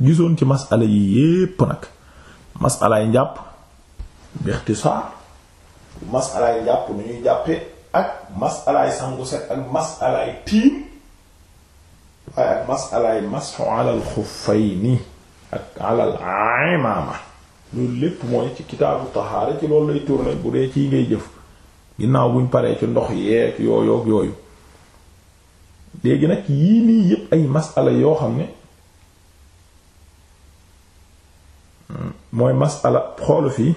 gisoon ci masala yi yépp nag masalaay njàpp bixtisaar masalaay njàpp nu ñuy jàppee ak masalaay sangu set ak masalaay tiim waaye ak masalaay mashu alal xuffayni ak alal imaama loolu lépp mooy ci kitaabu tahaara ci loolu lay tourner bu dee ci ngay jëf ginnaaw buñ paree ci ndox yeeg yooyoog yooyu léegi nag yii nii yépp ay masala yoo xam ne hmm, mooy masala xoolu fii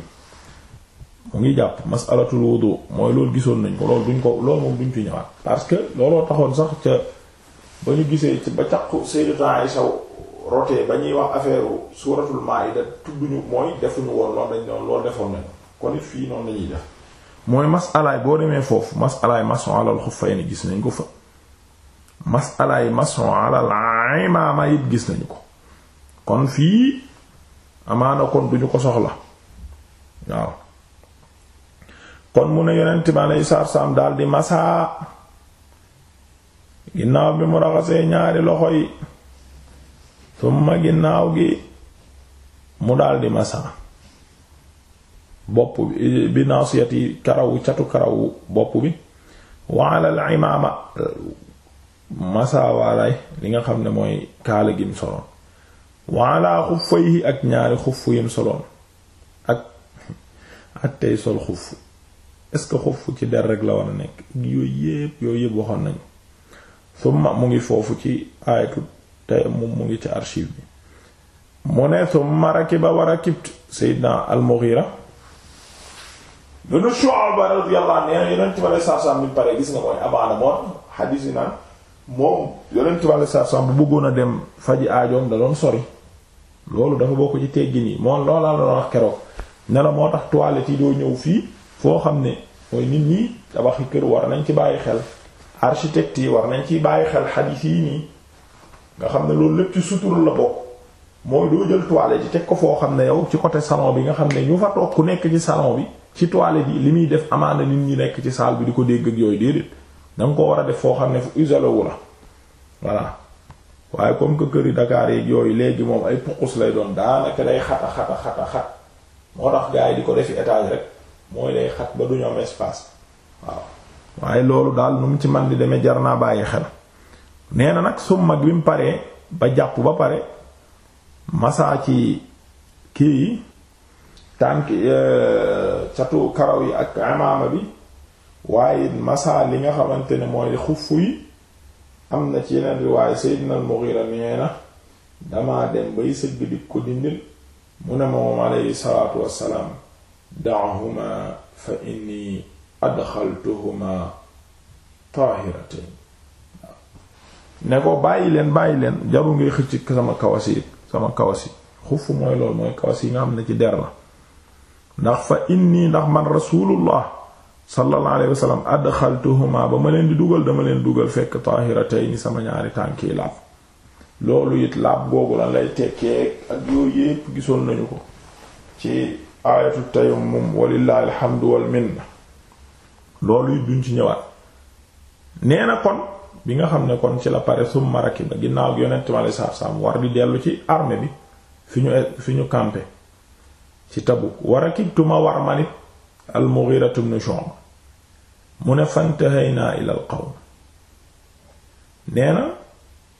mu ngi jàpp masalatul wudu mooy loolu gisoon nañ ko loolu duñ ko loolu moom duñ ci parce que looloo taxoon sax ca ba ñu gisee ba caqu Sayyidatu Aisha wax affaire suuratul Maa'ida tudduñu mooy defuñu woon loolu dañ doon defoon nañ kon fii noonu lañuy def mooy masalaay boo demee foofu masalaay mason alal xuffayni gis nañ ko fa masalaay mason alal imaama yit gis nañu ko kon fii amaana kon duñu ko soxla waaw kon mu ne yonent bi alayhi salaam daal di masaa ginnaaw bi mu raxasee ñaari loxo yi summa ginnaaw gi mu daal di masaa bopp bi bi naasiyati karawu catu karawu bopp bi wa alal masaawaalaay li nga xam ne mooy kaala gim soloon waalaa xuffayhi ak ñaari xuff yim soloon ak ak tey sol xuff est-ce que xuff ci der rek la war a nekk yooyu yépp yooyu yépp waxoon nañu summa mu ngi foofu ci aayatu tey moom mu ngi ci archive bi mu ne summa rakiba wa rakibtu sayyidna al-Mughira ibn Shu'ba radiyallahu anhu yeneen ci wala saa saa mi pare gis nga mooy abaana moom xadiis yi naan moom yonent ci saa saa bu bëggoon a dem faji aajoom da doon sori loolu dafa bokk ci teggin yi moom loolaa la doon wax keroog ne la moo tax toilette yi doo ñëw fii foo xam ne mooy nit ñi tabax tabaxi kër war nañ ci bàyyi xel architecte yi war nañ ci bàyyi xel xadiis yi nii nga xam ne loolu lépp ci sutur la bokk mooy doo jël toilette yi teg ko foo xam ne yow ci côté salon bi nga xam ne ñu fa toog ku nekk ci salon bi ci toilette yi li muy def amaana nit ñi nekk ci saal bi di ko dégg ak yooyu déedéet. danga ko war a def foo xam ne fu isolé wu la voilà waaye comme que këri Dakar yi yooyu léegi moom ay puqus lay doon daanaka day xata xata xat moo tax gars yi di ko defi étage rek mooy day xat ba duñu am espace waaw waaye loolu daal nu mu ci man di deme jar naa bàyyi xel neena na nag summa bi mu paree ba jàpp ba pare masaa ci kii yi tànk euh, catu karaw yi ak amaama bi waaye masaa li nga xamante ne mooy xuff yi am na ci yeneen riwaay Seydina al nee na dama dem bay sëgg di ko dindil mu ne moom alayhi salaatu wassalaam da'ahuma fa inni adxaltuhuma taahiratayn ne ko bàyyi leen bàyyi leen jaru ngay xëcc sama kawas yi sama kawas yi mooy loolu mooy kawas yi nga xam ne ci der la ndax fa inni ndax man rasulullah sallallahu alayhi wa sallam adxaltuhuma ba ma leen di dugal dama leen dugal fekk tahiratayni sama ñaari tànki yi loolu it laab googu lan lay tekkee ak yooyu yépp gisoon nañu ko ci aayatu tayammum walillahi alhamdu wal minna loolu it duñ ci ñëwaat nee na kon bi nga xam ne kon ci la pare summa rakiba ginnaaw gi yonent ma lay saab war di dellu ci armée bi fi ñu fi ñu campé ci Tabuk wa rakibtu war manit al Mughiratu ibn mu ne fantahaynaa ilal qawm nee na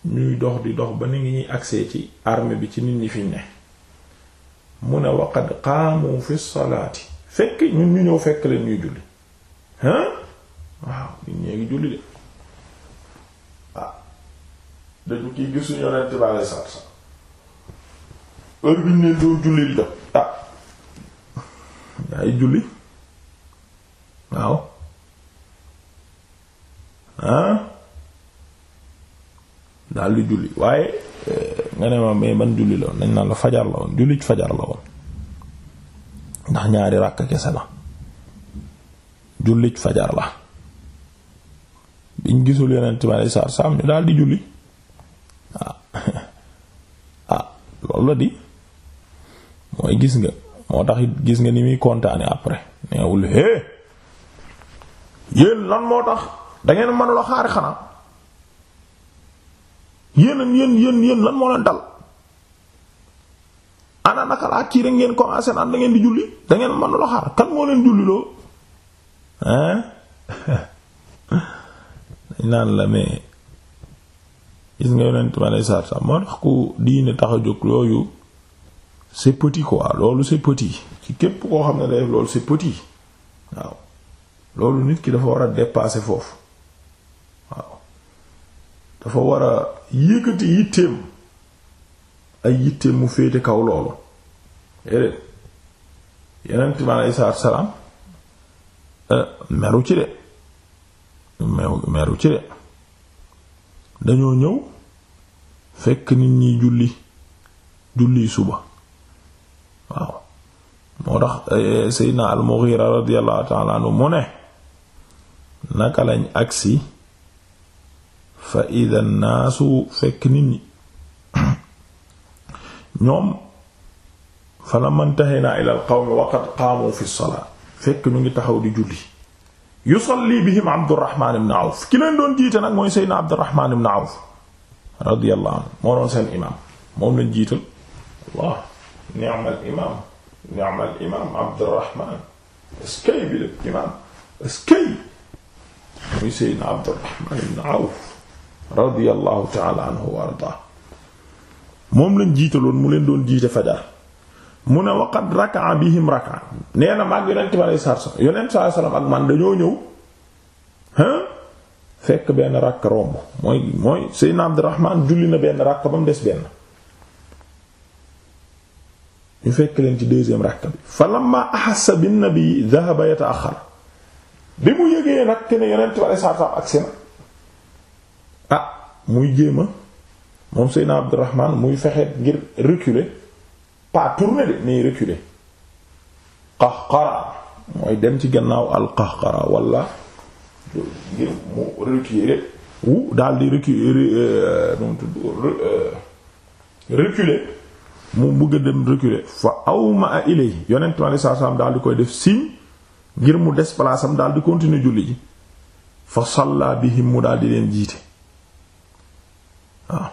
ñuy dox di dox ba ni ngi ñuy agsee ci armée bi ci nit ñi fi ne mu ne waqad qaamu fi salaati fekk ñun ñu ñëw fekk leen ñuy julli hein waaw nit ñee julli de ah dañu ah, julli waaw ah daal di julli waaye eh, nga ne ma mais ban julli la woon dañ naan la fajar la woon julli fajar la woon ndax ñaari ràkk kese la jullit fajar la biñ gisul yeneen timane saar saam ñu daal di julli ah ah loolu la di mooy gis nga moo tax gis nga ni muy kontaane après neewul hé yéen lan moo tax da ngeen mënula xaar xanaa yéen yéen yéen yéen lan moo leen dal ana naka laa kii rek ngeen commencé naan da ngeen di julli da ngeen mënula xaar kan moo leen julli loo hein naan la mais gis nga yonent ma lay saar sax moo tax ku diine tax a jóg yooyu c'est petit quoi loolu c'est petit képp koo xam ne day loolu c'est petit waaw loolu nit ki dafa war a dépasser foofu dafa war a yëkkati yitteem ay yitteem mu féete kaw loolu déedéet yeneen time alay salaam eh, meru ci de meru ci de dañoo ñëw fekk nit ñi julli julli suba waaw moo tax eh, Seydina al Mughira radiyallahu ta'ala anhu mu ne naka lañ agsi fa ida naasu fekk nit ñi ñoom fa lamma ntahenaa ila al qawmi wa qad qaamu fi salaa fekk ñu ngi taxaw di julli yusalli bihim abdurrahman ibn awf ki leen doon jiite nag mooy seydna abdurrahman ibn awf radiyallahu anhu moo doon seen imaam moom lañ jiital allah ni'mal imaam ni'mal imaam abdurrahman eskay bi la imaam eskay muy seydna abdurrahman ibn awf radiyallahu taala anhu wa ardaa moom lañ jiitaloon mu leen doon jiite fajar mu ne waqad raka'a bihim raka'a nee na maag yonent bi alei satu salam yonent saai ak man dañoo ñëw ah fekk benn rakk romb mooy mooy seydna Abdurrahman julli na benn rakk ba mu des benn ñu fekk leen ci deuxième rakk bi fa lamma ahassa bin nabi dhahaba yata'akhkhar bi mu yëgee nag ke ne yonent bi alei satu salam ak sina muy jéema moom Seydina Abdurrahman muy fexe ngir reculer pas tourner de mais reculer qaxqara mooy dem ci gannaaw al qaxqara wala ngir mu reculer wu daal di reculer euh, nu mu tudd euh, reculer mu bëgg dem reculer fa awma a ilay yonent mi alayhi salaam daal di koy def signe ngir mu des am daal di continuer julli ji fa salla bihim mu daal di leen jiite waaw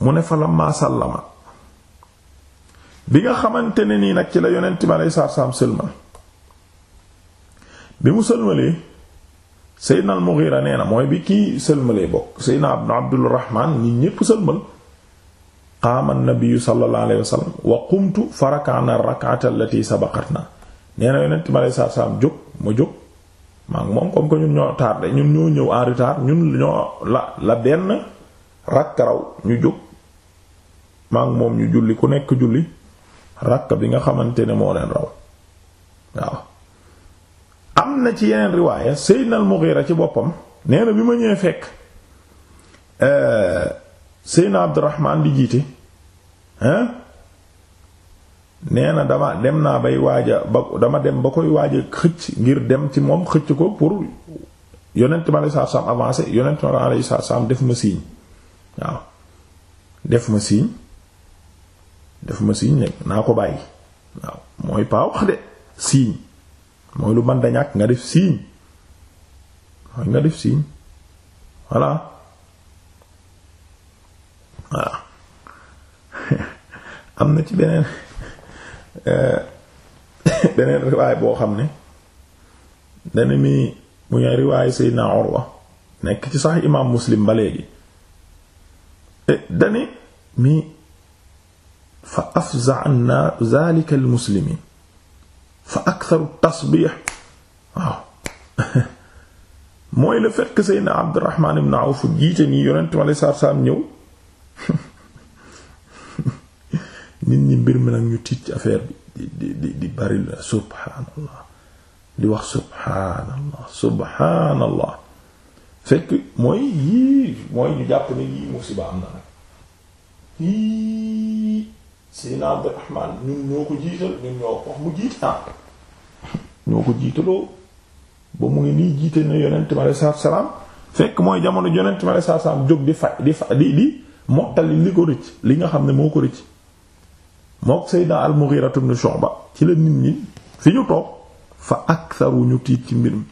mu ne fa lamma sàllama bi nga xamante ne nii nag ci la yonent bi aleyhi salaatu salaam sëlmal bi mu sëlmalee Seydina al-Mughira nee na mooy bi kii sëlmalee bokk Seydina Abdu Abdurrahmaan ñi ñépp sëlmal qaama an-nabiyyu sallallaahu alayhi wa sallam wa qumtu fa raka'naa ar-rak'ata allatii sabaqatnaa nee na yonent bi aleyhi salaatu salaam jóg ma jóg maa moom comme que ñun ñoo tardé ñun ñoo ñëw en retard ñun ñoo la la benn rakk raw ñu jóg maa ngi moom ñu julli ku nekk julli rakk bi nga xamante ne moo leen raw waaw am na ci yeneen riwaaya Sayyidna al ci boppam nee bi ma ñëwee fekk euh, Sayyidna Abdurrahman di jiite hein nee na dama dem naa bay waaja ba dama dem ba koy waaja xëcc ngir dem ci moom xëcc ko pour yonent ma lay saa saam avancé yonent ma lay saa saam def ma signe waaw def ma signe def ma signe nekk naa ko bàyyi waaw mooy paa wax de mooy lu man da nga def signe mooy nga def signe voilà voilà am na ci beneen Eh, beneen riwaay boo xam ne dana mi mu ñooy riwaay Seydina Urwa nekk ci sax imaam Muslim ba léegi dani mi fa afza anna zalika al fa aktharu tasbix waaw mooy le fait que Seydina Abdurrahman ibn Awf jiite nii yonent mi alayhi salaatu salaam ñëw nit ñi mbir mi nag ñu tiit ci affaire bi di di di bari la subhaanallah di wax subhaanallah subhaanallah fekk mooy yii mooy ñu jàpp ne yii musiba am na nag yii Seydina Abdurahmaan ñun ñoo ko jiital ñun ñoo ko wax mu jiitaa ah. ñoo ko jiitaloo ba mu ngi nii jiite na yonent salaam fekk mooy jamono yonent mi alayhi salaatu salaam jóg di fay di fa di mottali li ko rëcc li nga xam ne moo ko rëcc moo Seydina al-Mughira ibn Shu'ba ci la nit ñi fi ñu toog fa aktharu ñu tiit ci mbir mi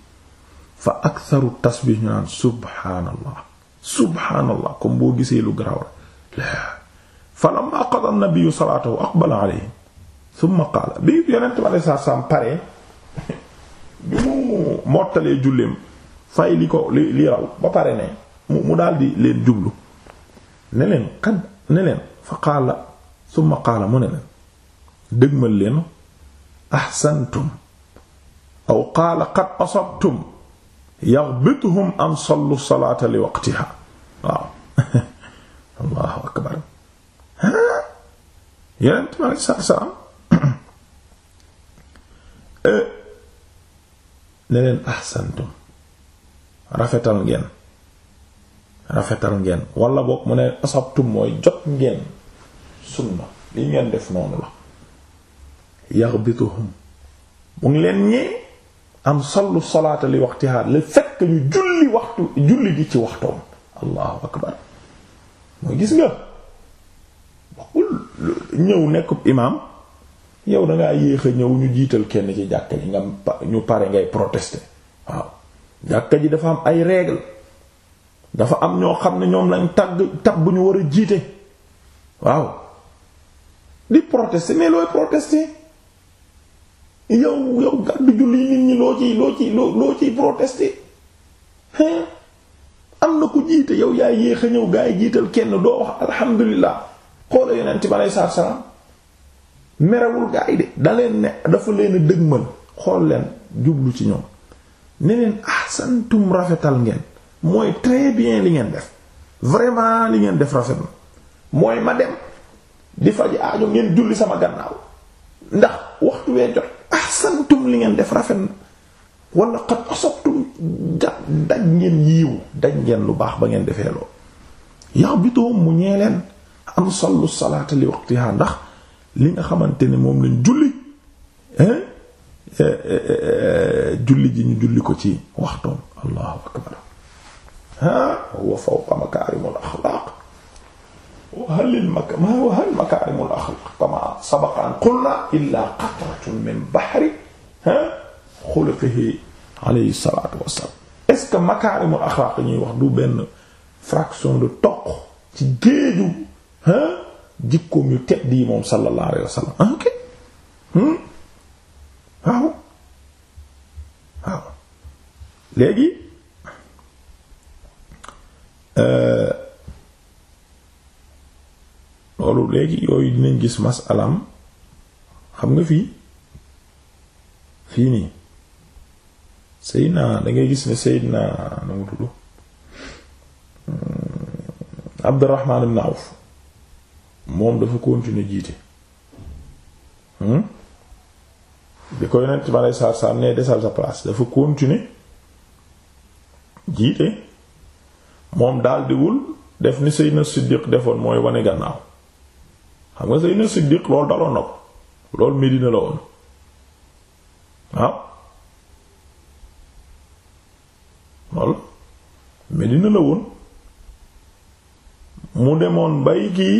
fa aktharu tasbih ñu naan subhaanallah subhaanallah comme boo gisee lu garaaw la falamma qada an-nabiyyu salaatahu aqbala alayhim thumma qaala bi yonent bi alayhi salaam pare bi mu mottalee julleem fay li ko li li raw ba pare ne mu daldi leen jublu ne leen kan fa qaala summa qaala mu ne leen dëgmal leen ahsantum aw qaala qad asabtum yaghbituhum am sallu salaata li waqtiha waaw allahu akbar yonent eh, ne leen ahsantum rafetal ngeen rafetal ngeen wala boog mu ne asabtum mooy jot ngeen sunna li ngeen def noonu la yaxbituhum mu ngi leen ñee am sallu salaata li fekk ñu julli waxtu julli gi ci waxtoom allahu akbar mooy gis nga waxul ñëw nekkub imaam yow dangaa yéex a ñëw ñu jiital kenn ci jàkka ji nga ñu pare ngay protester waaw jàkka ji dafa am ay règle dafa am ñoo xam ne ñoom lañ tagg tab bu ñu war a jiite waaw di protester mais looy protester yow yow gàddu julli nit ñi loo ci loo ciy loo ciy protester am na ku jiite yow yaa yéex a ñëw gaa yi jiital kenn doo wax xool xoola yonent bi aleyhi salaatu salaam merewul gaa yi de da leen ne dafa leen dëgmal xool leen jublu ci ñoom ne leen ahsantum rafetal ngeen mooy très bien li ngeen def vraiment li ngeen def rafet na mooy ma dem. di faj aajo ah, ngeen julli sama gannaaw ndax waxtu wee jot ahsantum li ngeen def rafet na wala qad asabtum ja ngeen yiiwu daj ngeen lu baax ba ngeen defee lool yaxbituhum mu ñee leen am sallu salaata li waqtiha ndax li nga xamante ne moom lañ julli eh, eh, eh, julli ji ñu julli ko ci waxtoon allahu akbar ha wa fawqa makaarimul halil mak ma wa hal makaarimul axlaq kama sabaqa an qulna illa qatratun min bahri xuluqihi alayhi salaatu wassalaam est-ce que makaarimul axlaq ñuy wax du benn fraction de toq ci géeju jikkoom yu tedd yi moom sallallahu alayhi wasallam ah, ok hmm? waaw waaw léegi. Euh, loolu léegi yooyu dinañ gis masalaam xam nga fii fii nii Seydina da ngay gis ni Seydina na mu tudd hmm, Abdurrahman ibn Awf moom dafa continuer jiite hmm? bi ko yonent ma lay saar saar ne desal sa place dafa continuer jiite moom daldiwul def ni Seydina Siddiq defoon mooy wane gànnaaw xam nga Seydina Siddiq loolu daloon na ko loolu Medina la woon waaw ah. loolu Medina la woon mu demoon bay kii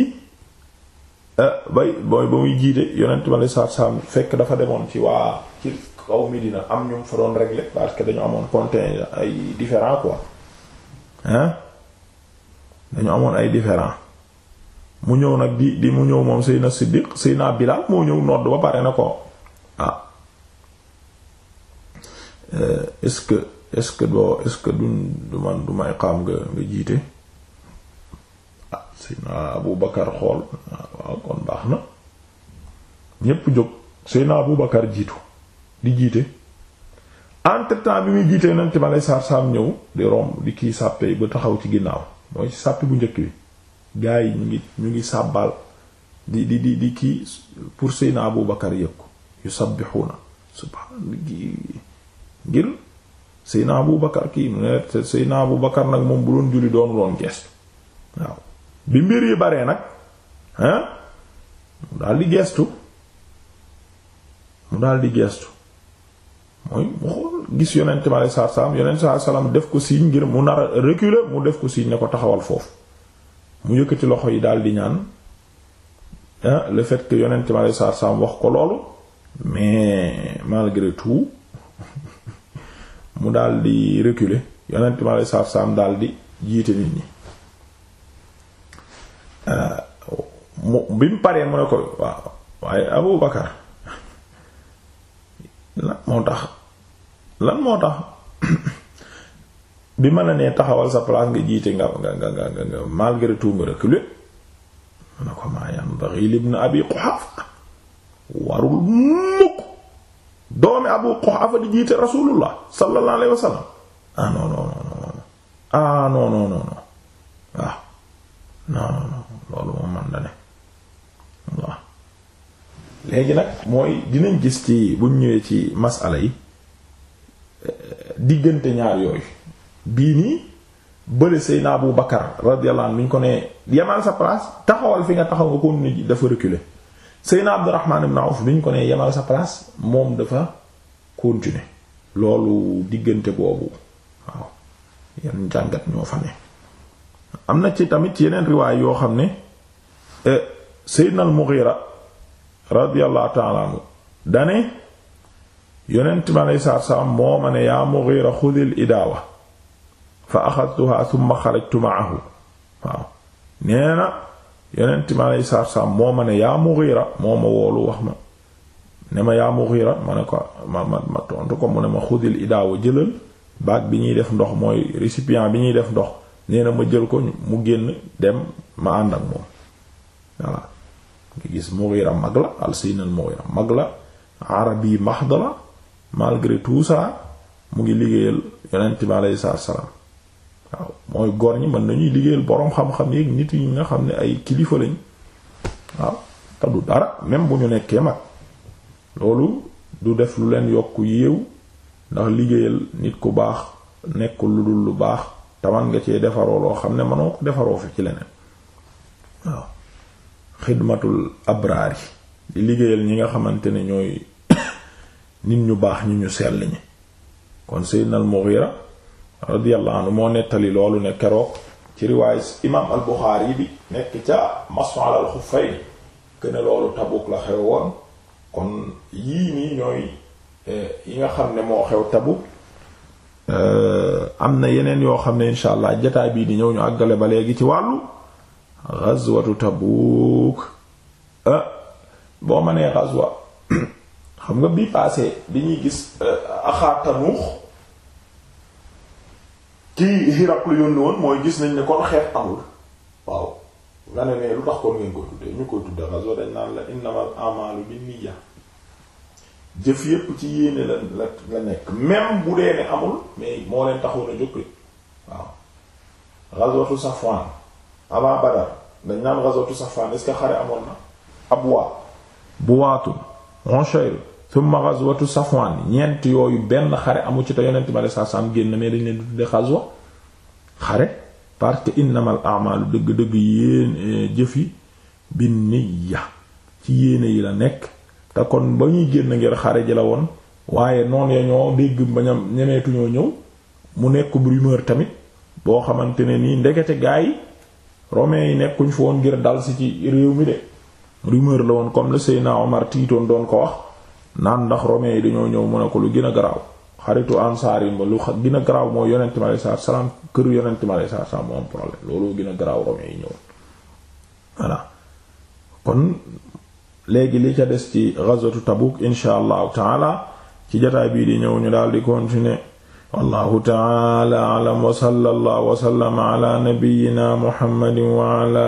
eh, bay booy ba muy de yonent ma lay saar saam fekk dafa demoon ci waa ci kaw Medina am ñu fa doon régler parce que dañu amoon contingent ay différend quoi hein dañu amoon ay différend mu ñëw nag di di mu ñëw moom Seydina Siddiq Seydina Bilaal moo ñëw nodd ba pare na ko ah eh, est-ce que est-ce doo est-ce que duñ du man du may xaam nga nga jiite ah Seydina Abu xool ah, waaw kon baax na ñépp jóg Seydina Abu Bakar jiitu di jiite entre temps bi muy jiitee nañ ci ma lay saar saam ñëw di romb di kii sàppe ba taxaw ci ginnaaw mooy sàppe bu njëkk bi gaa yi ñu ngi ñu ngi sàbbaal di di di di kii pour seyna Abu Bakar yëkku yusabbihuna subhaan ngir seyna Abu kii mu ne seyna Abu Bakar nag moom bu doon julli doonu doon geestu waaw bi mbir yi baree nag hein mu daal di geestu mu daal di geestu mooy mu xool gis yonent ma lay yonent saar def ko signe ngir mu nar a reculer mu def ko signe ne ko taxawal foofu mu yëkkati loxo yi daal di ñaan ah, le fait que yonent ma lay saa saam wax ko loolu mais malgré tout mu dal di reculer yonent ma lay saa saam daal di jiite nit ñi ah, mu bi mu paree mu ne ko waaw waaye Abu Bakar lan moo tax lan moo tax. bi ma la nee taxawal sa place nga jiite nga nga nga nga nga malgré tout nga reculer na ko maa yanbaghi libn abi Quhafa warul mukk doomi abu Quhafa di jiite rasulullah sallallahu alayhi ah non non non non loolu moom man da ne waaw léegi nag mooy dinañ gis ci buñ ñëwee ci masala yi eh, diggante ñaar yooyu bii nii bële Seyna Abu Bakar radiyallahu anhu bi ko nee yemal sa place taxawal fi nga taxaw nga kon nit dafa reculer Seyna Abdurrahman ibn Awf bi ko nee yemal sa place moom dafa continuer loolu diggante boobu waaw yan jàngat ñoo fa ne am na ci tamit ci yeneen riwaay yoo xam ne e, Seydina al-Mughira radiyallahu ta'ala anhu dane yonent mi aleyhi salaatu wa salaam moo ma ne yaa Mughira xudil idaawa fa axadtuha thumma xarajtu ma'ahu waaw nee na ma lay saar saam moo ma ne yaa Mughira moo ma woolu wax ma ne ma yaa Mughira ma ne ko ma ma ma tontu ko mu ne ma xudil idaawa jëlal baag bi ñuy def ndox mooy récipient bi ñuy def ndox nee ma jël ko mu génn dem ma ànd ak moom voilà nga gis Mughira mag la alsinal Mughira mag la arabi tout ça mu ngi liggéeyal yonent bi aleyhi salaatu salaam waaw mooy góor ñi mën nañuy liggéeyal boroom xam-xam yi nit yi nga xam ne ay kilifa lañ waaw te dara même bu ñu nekkee mag loolu du def lu leen yokk yéew ndax liggéeyal nit ku baax nekkul lu dul lu baax taman nga cee defaroo loo xam ne mënoo ko defaroo fi ci leneen waaw xidmatul abraar yi di liggéeyal ñi nga xamante ne ñooy nit ñu baax ñu ñu sell ñi kon Seydina Mughira radiyallahu anhu moo nettali loolu ne keroog ci riwaay imaam al bi nekk ca masu ala al xuffayn ne loolu Tabuk la xew woon kon yii nii ñooy eh, yi nga xam ne moo xew Tabuk eh, am na yeneen yoo xam ne insha allah jataay bii di ñëw ñu àggale ba léegi ci wàllu ghazwatu Tabuk ah boo ma nee ghazwa xam nga bi passé bi ñuy gis axaa Tanuux ki Hiraql la yónni woon mooy gis nañ ne kon xeex amul waaw nga ne ne lu tax kon ngeen ko tuddee ñu koy tuddee rajo dañ naan la innamal a'malu binniyya jëf yépp ci yéene la la nekk même bu dee ne amul mais moo leen taxoon a jóg waaw ghazwatu Safwan avant Badar dañ naan ghazwatu Safwan est-ce que xare amoon na Abwa Buwaatun Ushayr thumma ghazwatu Safwan ñeent yooyu benn xare amu ci te yonent ma le saa saam génn mais dañ leen tudde ghazwa xare parce dëgg-dëgg yéen eh, jëf yi binniya ci yéene yi la nekk te kon ba ñuy génn ngir xare ji la woon waaye noon ya ñoo dégg bañam ñemeetuñoo ñëw mu nekk rumeur tamit boo xamante ne nii ndekete gaa yi romains yi nekkuñ fi woon ngir dal si ci réew mi de rumeur la woon comme le Seyna Omar tiitoon doon ko wax naan ndax romains yi dañoo ñëw mu ne ko lu gën a xaritu ansaar yi ma lu gën a garaaw mooy yonent mi alayhi salaatu salaam këru yonent mi alayhi salaatu salaam moo problème loolu gën a garaaw yi ñëw voilà kon léegi li ca des ci ghazwatu Tabuk insha allahu taala ci jotaay bii di ñëw daal di continuer wallahu taala alam wa sallallahu wa sallama ala nabiyyina muhammadin wa ala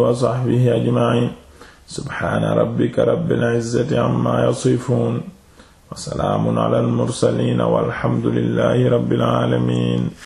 wa sahbihi ajma'in subhaana rabbika rabbil izzati amma yasifun wa salaamun ala al mursalin walhamdulillahi rabbil alamin